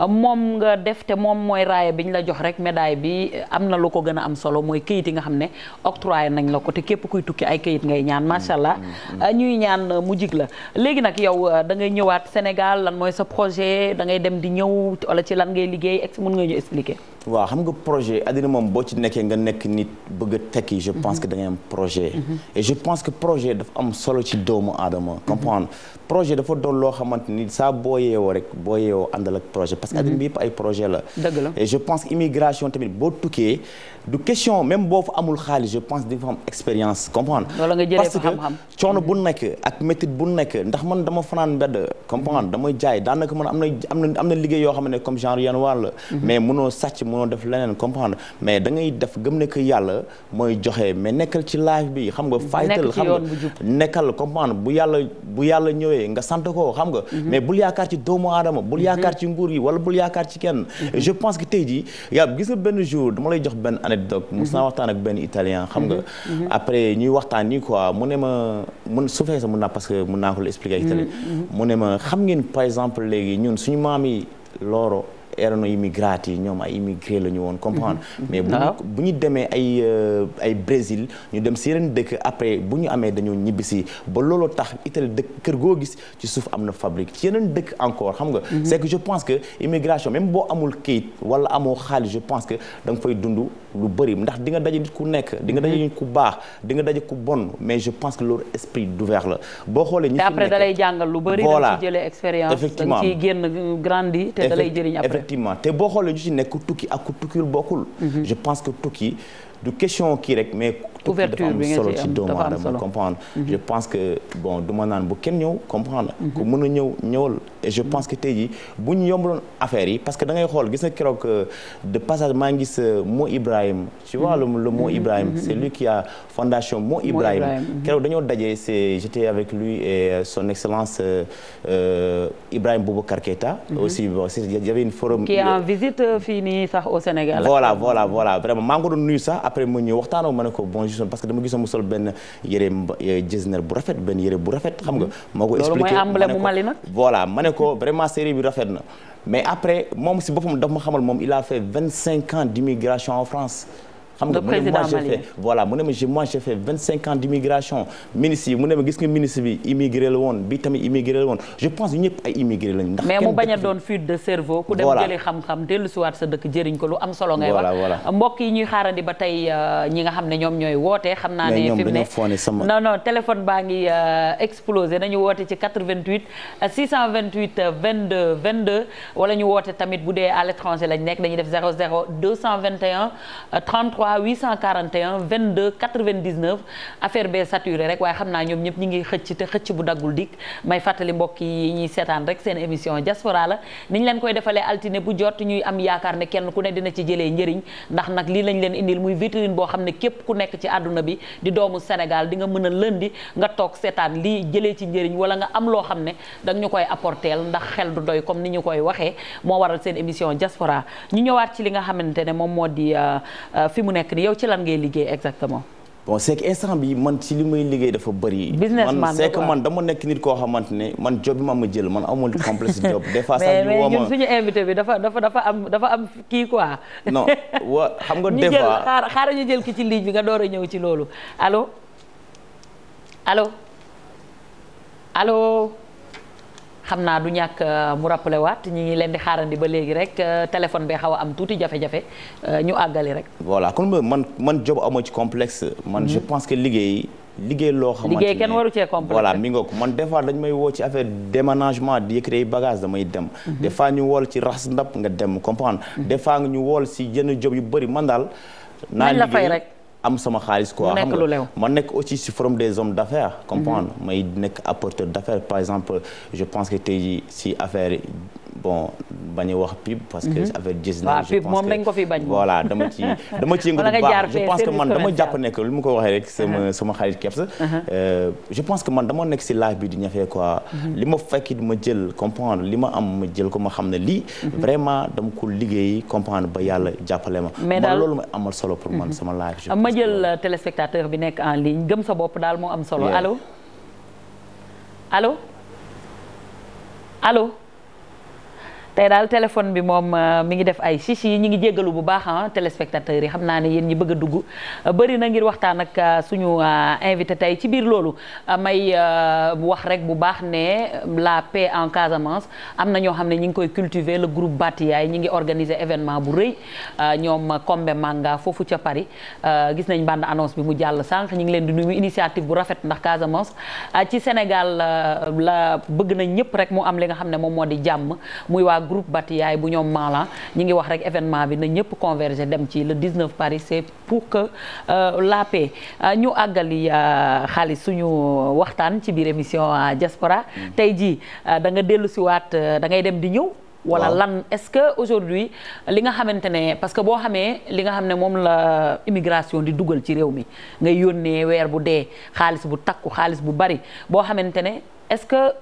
euh, moom nga def te moom mooy raaya bi ñu la jox rek médaille bi euh, am na lu ko gën a am solo mooy këyit yi nga xam ne octroyé nañ la ko te képp kuy tukki ay këyit ngay ñaan macha mm-hmm. allah. Mm-hmm. ñuy ñaan mu jig la léegi nag yow dangay ñëwaat Sénégal lan mooy sa projet da ngay dem di ñëw wala ci lan ngay liggéey ex mun nga ñu expliquer. waaw xam nga projet àddina moom boo ci nekkee nga nekk nit bëgg tekki je pense que da projet mhm. Mhm. et je pense que projet dafa am solo ci doomu aadama dafa doon loo xamante ni saa boo yeewoo rek boo yeewoo àndal ak projet parce que àddina mhm. bi yëpp ay projet la dëgg la et pense que immigration tamit boo tukkee du question même boo fa amul xaalis je pense di nga fa am expérience comprendre parce que coono bu nekk ak métit bu nekk ndax man dama fanaan mbedd comprendre damay jaay daanaka man am na am na am na liggéey yoo xam ne comme genre yanuwaar la mais mënoo sàcc mënoo def leneen comprendre mais da ngay def gëm ne que yàlla mooy joxe mais nekkal ci live bi xam nga faytal xam nga nekkal comprendre bu yàlla bu yàlla ñëwee nga sant ko xam nga mhm. mais bul yaakaar ci doomu aadama bul mhm. yaakaar ci nguur yi wala bul yaakaar ci kenn mhm. je pense que tey jii yaa gis nga benn jour dama lay jox benn anecdote mos naa waxtaan ak benn italien xam nga après ñuy waxtaan nii quoi mu ne ma mun su fekkee sax mun naa parce que mun naa ko la expliquer italien mu ne ma xam ngeen par exemple léegi ñun suñu maam yi looro erano immigrati yi ñoom ay immigré la ñu woon comprendre mhm. mais bu ñu demee euh, ay Brésil ñu dem si yeneen dëkk après bu ñu amee dañoo ñibbisi ba looloo tax Italie dëkk kër goo gis ci suuf am na fabrique ci yeneen dëkk encore xam nga mhm. c'est que je pense que immigration même boo amul kayit wala amoo xaalis je pense que da nga fay dund lu bëri ndax di nga daje nit ku nekk di nga daje mhm. nit ku baax di nga daje ku bon mais je pense que loolu esprit d'ouvert la boo effectivement te boo xoolee ñu ci nekk tukki ak ku tukkiwul bokkul. Mhm. je pense que tukki du question kii rek mais. ouverture bi nga am solo mhm. que bon du ma naan bu mhm. je pense que tey jii bu ñu yombaloon affaire yi parce que da ngay xool gis na keroog euh, maa ngi gis euh, Mo Ibrahim tu vois mhm. le Mo Ibrahim c'est lui fondation Mo Ibrahim keroog dañoo daje c'est j'étais avec lui et euh, son excellence Ibrahim Boubacar Keita aussi bon il y avait une fii nii sax au Sénégal voilà voilà voilà doon nuyu sax après mu ñëw waxtaanoo ma ko bonjour gisoon parce que dama gisoon mu sol benn yére designer euh, bu rafet benn yére bu rafet xam nga hmm. moo ko na voilà ma ne ko vraiment série bi rafet na mais après moom si boppam daf ma xamal moom il a fait vingt cinq ans d'immigration en France xam nga mu ne moi j'ai fait voilà mu ne ma moi j'ai fait vingt cinq ans d' ministre mu ne ma gis nga ministre bi immigré la woon bi tamit immigré la woon ñëpp ay immigré lañu ndax mais mu bañ a doon fuite de cerveau ku dem jëli xam-xam dellu siwaat sa dëkk jëriñ ko lu am solo ngay wax mbokk yi ñuy di ba tey euh, ñi nga xam ne ñoom ñooy woote xam naa ne fi mu ne non non téléphone baa ngi euh, explosé nañu woote ci 88 628 22 22 wala ñu woote tamit bu dee à l'étranger lañ nekk dañuy def 00 221 33 33 841 22 99 affaire bee saturé rek waaye xam naa ñoom ñëpp ñi ngi xëcc te xëcc bu daggul dikk may fàttali mbokk yi ñuy seetaan rek seen émission diaspora la ñu leen koy defalee altine bu jot ñuy am yaakaar ne kenn ku ne dina ci jëlee njëriñ ndax nag lii lañ leen indil muy vitrine boo xam ne képp ku nekk ci àdduna bi di doomu Sénégal di nga mën a lëndi nga toog seetaan lii jëlee ci njëriñ wala nga am loo xam ne danga ñu koy apporteel ndax xel du doy comme ni ñu koy waxee moo waral seen émission diaspora ñu ñëwaat ci li nga xamante ne moom moo di euh, euh, nekk ni yow ci lan ngay liggéey exactement. bon c'est que instant bi man ci li may liggéey dafa bëri. businessman man c'est que man dama nekk nit koo xamante ne man job bi ma ma jël man amul complexe job. des fois sax ñu suñu invité bi dafa dafa dafa am dafa am kii quoi. non wa xam nga des fois ñu jël xaar xaar ki ci ligne bi nga door a ñëw ci loolu allo allo xam naa du ñàkk euh, mu rappelé waat ñi ngi leen di xaarandi ba léegi rek euh, téléphone bi xaw a am tuuti jafe-jafe euh, ñu àggali rek. voilà kon man man job amoo ci complexe. man je hmm. pense que liggéey. liggéey loo xamante ne liggéey kenn waru cee mi ngoog man des fois dañu may woo ci affaire déménagement di créer bagage damay dem. Hmm. des fois ñu wool ci raxas ndap nga dem comprendre. Hmm. des fois ñu wool si yenn job yu bëri man daal. naa liggéey rek. am sama xaalis quoi xam nga ma nekk aussi si forum des hommes d'affaires comprendre mhm. may nekk apporteur d'affaires par exemple je pense que tey jii si affaire bon bañ wax pib parce que mhm. affaire gis na je moom dañ ko fi bañ voilà dama ci dama ci yëngu bu baax je pense que man dama jàpp nekk lu ma ko waxee rek sama uh-huh. sama xarit keps uh-huh. euh, je pense que man dama nekk si laaj bi di ñafee ko uh-huh. li ma fekkit ma jël comprendre li ma am ma jël ko ma xam ne lii vraiment dama ko liggéey comprendre ba yàlla jàppale ma mais daal loolu ma amal solo pour man sama laaj ma jël téléspectateur bi nekk en ligne gëm sa bopp daal moo am solo allo tey daal téléphone bi moom euh, mi ngi def ay chichi yi ñu ngi jéggalu bu baax ah téléspectateurs yi xam naa ne yéen ñi bëgg a dugg euh, bëri na ngir waxtaan ak euh, suñu invité tey ci biir loolu may wax rek bu baax ne la paix en Casamance am na ñoo xam ne ñu ngi koy cultiver la groupe Batiyaay ñi ngi organiser événement bu rëy ñoom Kombe Manga foofu ca Paris gis nañ bande annonce bi mu jàll sànq ñu ngi leen di nuyu initiative bu rafet ndax Casamance ci Sénégal la bëgg nañ ñëpp rek mu am li nga xam ne moom moo di jàmm groupe Batiyaay bu ñoom Malan ñi ngi wax rek événement bi na ñëpp converger dem ci le 19 Paris c'est pour que euh, la paix euh, ñu àggali euh, xaalis suñu waxtaan ci biir émission diaspora mm. tey jii da nga dellu si waat da dem di ñëw wala lan est-ce que aujourd'hui li nga xamante ne parce que boo xamee li nga xam ne moom la immigration di dugal ci réew mi ngay yónnee weer bu dee xaalis bu takku xaalis bu bari boo xamante ne est-ce que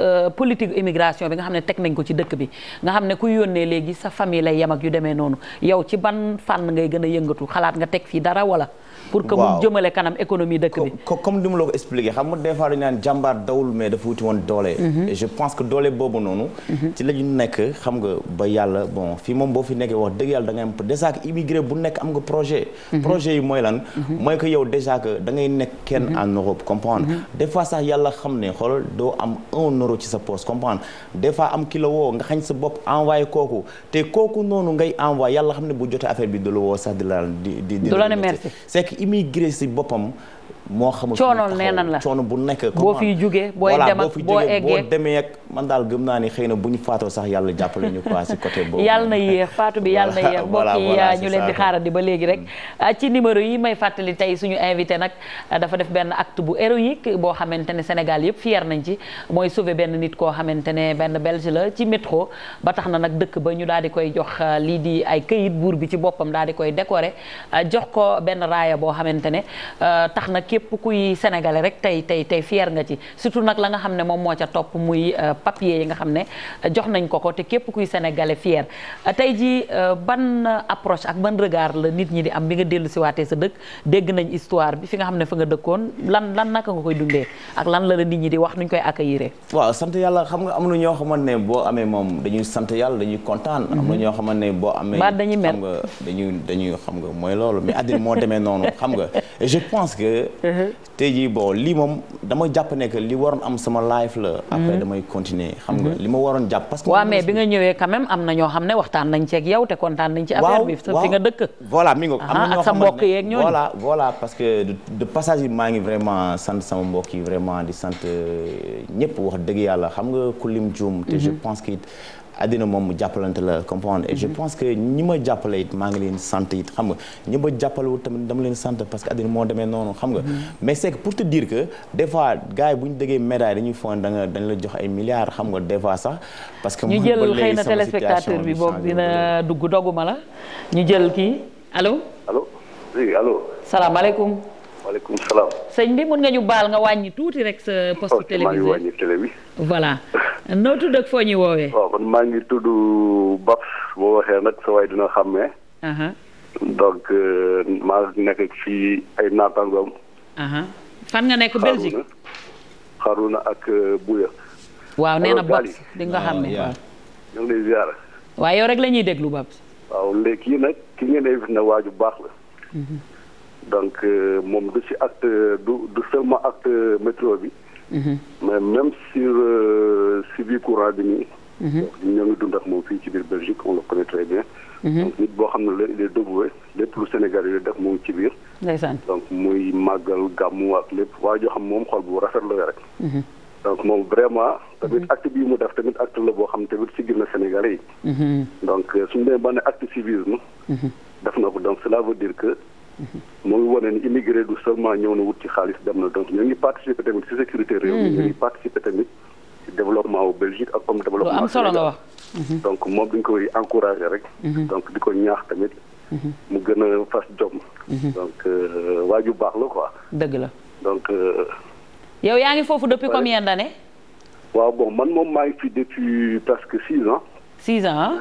Euh, politique immigration bi nga xam ne teg nañ ko ci dëkk bi nga xam ne kuy yónnee léegi sa famille lay yem yu demee noonu yow ci ban fànn ngay gën a yëngatu xalaat nga teg fii dara wala pour que mu jëmale kanam économie dëkk bi comme ni mu la ko expliqué xam nga des fois dañu naan jàmbaar dawul mais dafa wuti woon doole mhm. et je pense que doole boobu noonu mhm. ci la ñu nekk xam nga ba yàlla bon fii moom boo fi nekkee wax dëgg yàlla da ngay am déjà que immigré bu nekk am nga projet mhm. projet yi mooy lan mooy que yow déjà que da nekk kenn en Europe comprendre des fois sax yàlla xam ne xool doo am un euro ci sa poche comprendre des fois am kilo woo nga xañ sa bopp envoyé kooku te kooku noonu ngay envoyé yàlla xam ne bu jotee affaire bi du la woo sax di la di di nekk immigré si boppam moo xamul coonoon nee nan la coono bu nekk boo fiy jugee booy dem boo eggee boo demee ak man daal gëm naa ni xëy na bu ñu faatoo sax yàlla jàppale ñu quoi si côté boobu bi yàlla na yéex di xaarandi ba léegi rek mm. ci yi may fàttali tey suñu invité nag dafa def benn acte bu héroïque boo xamante ne Sénégal yëpp fier nañ ci mooy sauver benn nit koo xamante ne benn belge la ci métro ba tax na nag dëkk ba ñu daal di koy jox euh, lii di ay këyit buur bi ci boppam daa di koy décorer euh, jox ko benn raaya boo xamante euh, tax na képp kuy sénégalais rek tey tey tey fier nga ci surtout nag la nga xam ne moom moo ca topp muy euh, papier yi nga xam ne euh, jox nañ ko ko te képp kuy sénégalais fier euh, tey ji ban approche ak ban regard la nit ñi di am bi nga dellu si waatee sa dëkk dégg nañ histoire bi fi nga xam ne fa nga dëkkoon lan lan naka nga koy dundee ak lan la la nit ñi di wax nuñ koy accueillir. waaw sant yàlla xam nga am na ñoo xamante ne boo amee moom dañuy sant yàlla dañuy kontaan. am na mhm. ñoo xamante ne boo amee. baat dañuy mel xam nga dañuy dañuy xam mooy loolu mais àddina moo demee noonu xam nga Mm-hmm. tey jii boo lii moom dama jàpp ne lii waroon am sama life la. Mm-hmm. après damay continuer xam nga mm-hmm. li ma waroon jàpp. parce que waaw bi nga ñëwee quand am na ñoo xam ne waxtaan nañ ci ak yow te kontaan nañ ci affaire bi. fi nga dëkk. voilà mi ngi am na ah, ñoo xam ne que de passage maa ngi vraiment sant sama mbokk yi vraiment di sant euh, ñëpp wax dëgg yàlla xam nga ku lim juum. te je pense que àddina moom mu jàppalante la comprendre et je mhm. pense que ñi ma jàppale it maa ngi leen sant it xam nga ñi ma tamit dama leen sant parce que àddina moo demee noonu xam nga mhm. mais c'est que pour te dire que des fois gars yi bu ñu déggee médaille dañuy foog da nga dañ la jox ay milliards xam nga des fois sax parce que ñu jël xëy na téléspectateur bi boobu dina dugg dogguma la ñu jël kii allo allo oui maaleykum salaam. sëñ bi mun nga ñu baal nga wàññi tuuti rek sa poste télévisé bi. voilà noo tudd ak foo ñuy woowee. waaw kon maa ngi tudd Babs boo waxee nag sa waay dina xàmmee. donc euh, maa nekk fii ay naataangoom. fan nga nekk Belgique xaruna ak euh, Buya. waaw nee na Babs di nga xàmmee. Ah, ñoo ngi lay ziar. waaw yow rek la ñuy déglu Babs. waaw léegi nag ki ngeen invité waaju baax la. Mhm. donc euh, moom du ci acte du du seulement acte météo bi. Mhm. mais même sur suivi courant bi nii. ñoo ngi dund ak moom fii ci biir Belgique on le connaît très bien. Mhm. nit boo xam ne la il est lépp lu Sénégal yooyu def moom ci biir. ndeysaan donc muy màggal gàmmu ak lépp waa joo xam moom xol bu rafet la rek. Mhm. donc moom vraiment. tamit acte bii mu def tamit acte la boo xam tamit si gir na Sénégalais yi. donc euh, su nee ba ne acte civisme. def na ko donc la veut dire que. mu ngi ñëw na wut ci xaalis dem na donc ñu ngi participer tamit ci sécurité réew mi mhm. ñu ngi participer tamit ci développement wu Belgique ak comme développement nga mhm. koy encouragé rek mhm. donc di ko ñaax tamit mu gën a fas jom donc euh, waa ju baax la quoi dëgg la donc euh, yow yaa ngi foofu depuis combien d'années waaw bon man moom maa ngi fi depuis presque six ans 6 ans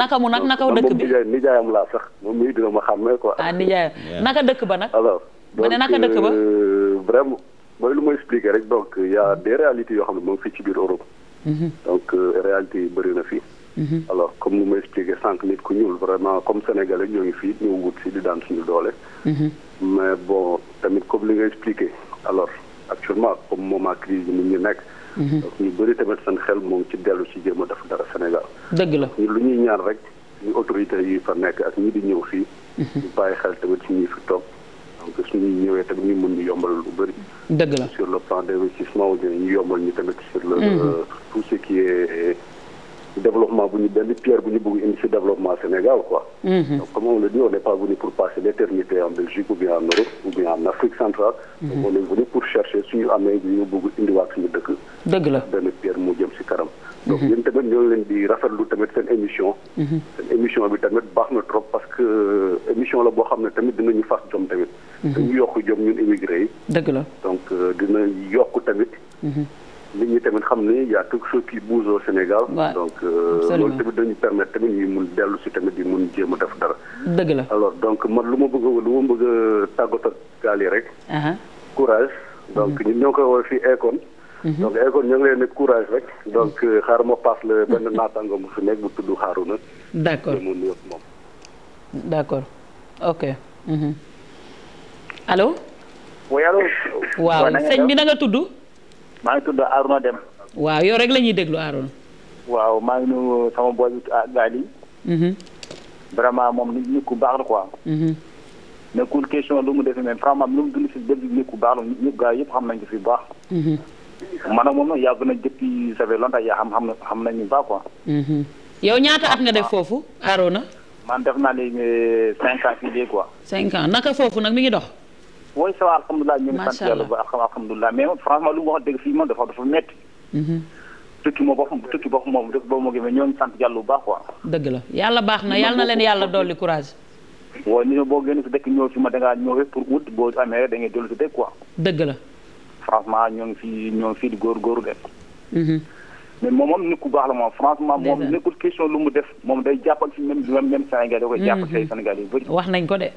naka mu nag naka dëkk bi moom nijaayam laa sax moom mii dina ma xàmmee quoi. ah nijaayam naka dëkk ba nag. alors donc naka dëkk ba. Euh, vraiment mooy lu ma expliqué rek donc y a réalité yoo xam ne moom fii ci biir Europe. Mhm. donc euh, réalité yi bëri na fii. Mhm. alors comme nu ma expliqué sànq nit ku ñuul vraiment comme sénégalais ñoo ngi fii ñu wut si di daan suñu doole. Mhm. mais bon tamit comme li nga expliqué alors actuellement comme moment crise yi nit ñi nekk. Mm-hmm. donc ñu bëri tamit seen xel moom ci dellu ci jéem a def dara Sénégal. dëgg la ñu lu ñuy ñaar rek ñu autorités yi fa nekk ak ñi di ñëw fii. Mm-hmm. ñu bàyyi xel tamit ci ñi fi toog donc suñuy ñëwee tamit ñu mun ñu yombal lu bëri. dëgg la sur le plan d'investissement ñu yombal ñu tamit sur le mm-hmm. euh, tout ce qui développement bu ñu benn pierre bu ñu bëgg indi ci développement Sénégal quoi. Mhm. donc comme on le dit on n'est pas venu pour passer l'éternité en Belgique ou bien en Europe ou bien en Afrique centrale. Mhm. donc on est venu pour chercher suñu amee ñu bëgg indiwaat suñu dëkk. dëgg la benn pierre mu jëm ci kanam. Mhm. donc yéen tamit ñoo leen di rafetlu tamit seen émission. seen émission bi tamit baax na trop parce que euh, émission la boo xam ne tamit dinañu fas jom tamit. dañu yokk jom chose qui bouge Sénégal. donc euh, loolu tamit dañu permettre tamit ñuy mun dellu si tamit di mun jéem a def dara. dëgg la alors donc man lu ma bëgg a lu ma bëgg a tàggatoo gaal yi courage donc mhm. ñoo koy woowee fii Ekon. Mhm. donc Ekon ñoo ngi leen courage rek. donc mhm. euh, xaaral ma paas la benn naataango bu fi nekk bu tudd Harouna. d' accord mu waaw sëñ bi na tudd. maa tudd Arouna Deme. waaw yow rek la ñuy déglu Arouna. waaw maa ngi nuyu sama boy bi ah, Gali. Mm-hmm. vraiment moom nit nit ku baax la quoi. Mm-hmm. nekkul question lu mu defee mais vraiment lu mu si dëgg nit ku baax la yëpp xam nañ ko fi baax. Mm-hmm. maanaam moom nag yàgg na depuis ça fait longtemps yaa xam xam xam nañ ñu baax quoi. yow ñaata at nga def ah. foofu Arouna. man def naa léegi euh, cinq ans fii léegi quoi. cinq ans naka ñu ngi sant yàlla ba alhamdulilah mais franchement lu mu wax dëgg fii moom dafa dafa métti. tukki moo boppam tukki boppam moom def boobu moo gëmee ñoo sant yàlla bu baax ko dëgg la yàlla baax na yàlla na leen yàlla dolli courage. waaw ñu ne boo génn si dëkk ñëw fi ma dangaa ñëw rek pour wut boo amee da ngay dellu si dëkk quoi. dëgg la. franchement ñoo ngi fii ñoo ngi fii góor góorgóorlu de. Mhm. mais moom moom nit ku baax la moom franchement moom nekkul question lu mu def moom day jàpp ak si même même Sénégal da koy jàpp ak say mhm. Sénégal yu wax nañ ko de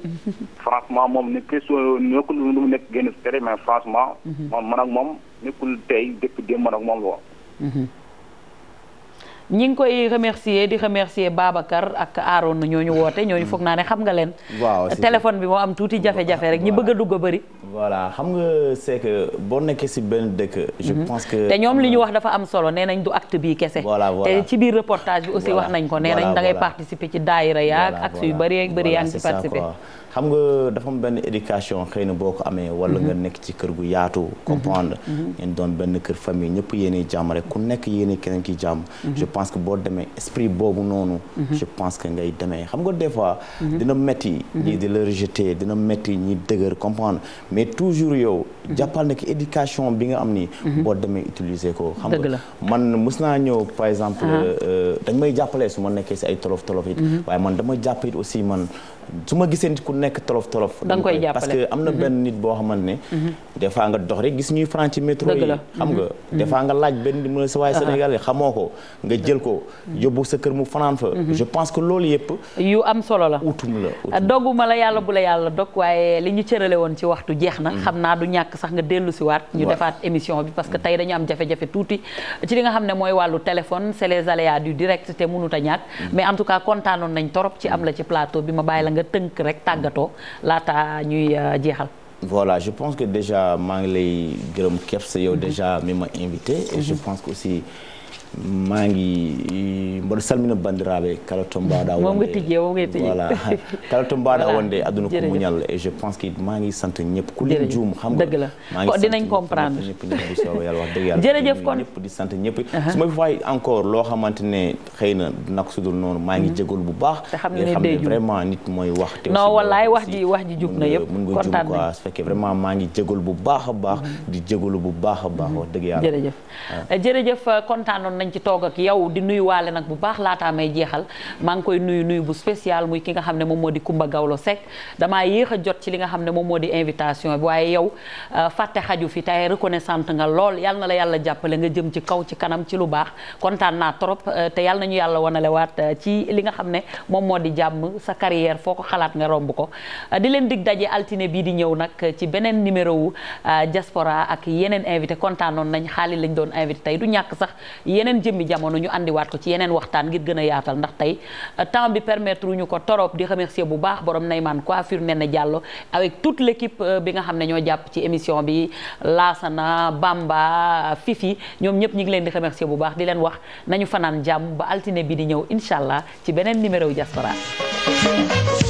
franchement moom ne question nekkul lu mu nekk génn tere mais franchement mhm. moom man ak moom nekkul tey dëkk démb man ak moom la woon mhm. ñi ngi koy remercier di remercier Babacar ak Aaron ñu woote ñooñu foog naa ne xam nga leen. waaw téléphone bi moo am tuuti jafe-jafe rek ñi bëgg a dugg a bëri. voilà xam nga c'est que boo si benn dëkk. je mhm. pense que te ñoom li ñu wax dafa am solo nee nañ du acte bii kese. voilà voilà te ci biir reportage bi aussi wax nañ ko nee nañ da ngay participer ci daayira yaak ak yu bëri bëri yaa ngi ci participer. xam nga dafa am benn éducation xëy na boo ko amee wala nga mhm. nekk ci kër gu yaatu mhm. comprendre mhm. ngeen doon benn kër famille ñëpp yéene jàmm rek ku nekk yéene keneen ki jàmm je pense que boo demee esprit boobu noonu je pense que ngay demee xam nga des fois dina metti ñii di la rejeter dina metti ñi dëgër comprendre mais toujours yow jàppal na ki bi nga am ni boo demee utiliser ko xam nga man mus naa ñëw par exemple ah. euh, euh, dañ may jàppale su ma nekkee si ay tolof tolof it waaye man dama jàpp it aussi man su ma gisee nit ku nekk tolof tolof. da koy jàppale parce que am na benn mhm. nit boo xamante ne. Mhm. des nga dox rek gis ñuy franc ci métro yi. xam nga mhm. ah, ah. ko nga jël ko yóbbu sa kër mu fanaan fa. je la utum la. Ah, doguma la bu la yàlla dog li ñu cërale woon ci waxtu jeex na. xam naa du ñàkk sax nga dellu si waat. ñu defaat émission bi parce que tey dañu am jafe-jafe tuuti ci li nga xam ne mooy wàllu téléphone c'est les aléas du direct te mënut a ñàkk mais en tout cas kontaanoon nañ torop ci am la ci plateau bi ma bàyyi la nga nga tënk rek tàggatoo laata ñuy euh, jeexal. voilà je pense que déjà maa ngi lay gërëm Kebs yow mhm. déjà mi ma invité. et je mhm. pense que aussi. maangi mboɗo salmina bandiraɓe kala to mbawɗa wonde voilà kala to mbawɗa aduna ko muñal et je pense que maangi sant ñëpp ku lim juum xam nga la ko dinañ comprendre ñëpp ñëpp so yàlla wax dëgg yàlla jërëjëf kon ñëpp uh-huh. loo xamante ne xëy na nako sudul noonu maa ngi uh-huh. jégal bu baax te xam ne vraiment nit mooy wax te non wallaay wax ji wax ji jub na yëpp mun nga juum quoi su fekkee vraiment maa ngi jégal bu baax a baax uh-huh. di jégalu bu baax a baax wax dëgg yàlla jërëjëf ah. jërëjëf kontaan waxtaanoon nañ ci toog ak yow di nuyuwaale nag bu baax laataa may jeexal maa ngi koy nuyu nuyu bu spécial muy ki nga xam ne moom moo di Kumba Gawlo Seck damaa yéex a jot ci li nga xam ne moom moo di invitation waaye yow euh, fàtte xaju fi tey reconnaissante nga lool yal na la yàlla jàppale nga jëm ci kaw ci kanam ci lu baax kontaan naa trop euh, te yal nañu yàlla wanalewaat euh, ci li nga xam ne moom moo di jàmm sa carrière foo ko xalaat nga romb ko di leen dig daje altine bii di ñëw nag ci beneen numéro wu diaspora ak yeneen invité kontaanoon nañ xaalis lañ doon invité tey du ñàkk sax yeneen jëmmi jamono ñu andiwaat ko ci yeneen waxtaan ngir gën a yaatal ndax tey euh, temps bi permettre ñu ko torop di remercier bu baax borom Nayman coiffure Nene Diallo avec toute l' équipe euh, bi nga xam ne ñoo jàpp ci émission bi Laasana Bamba Fifi ñoom ñëpp ñu ngi leen di remercier bu baax di leen wax nañu fanaan jàmm ba altine bi di ñëw incha allah ci beneen numéro yu Diaspora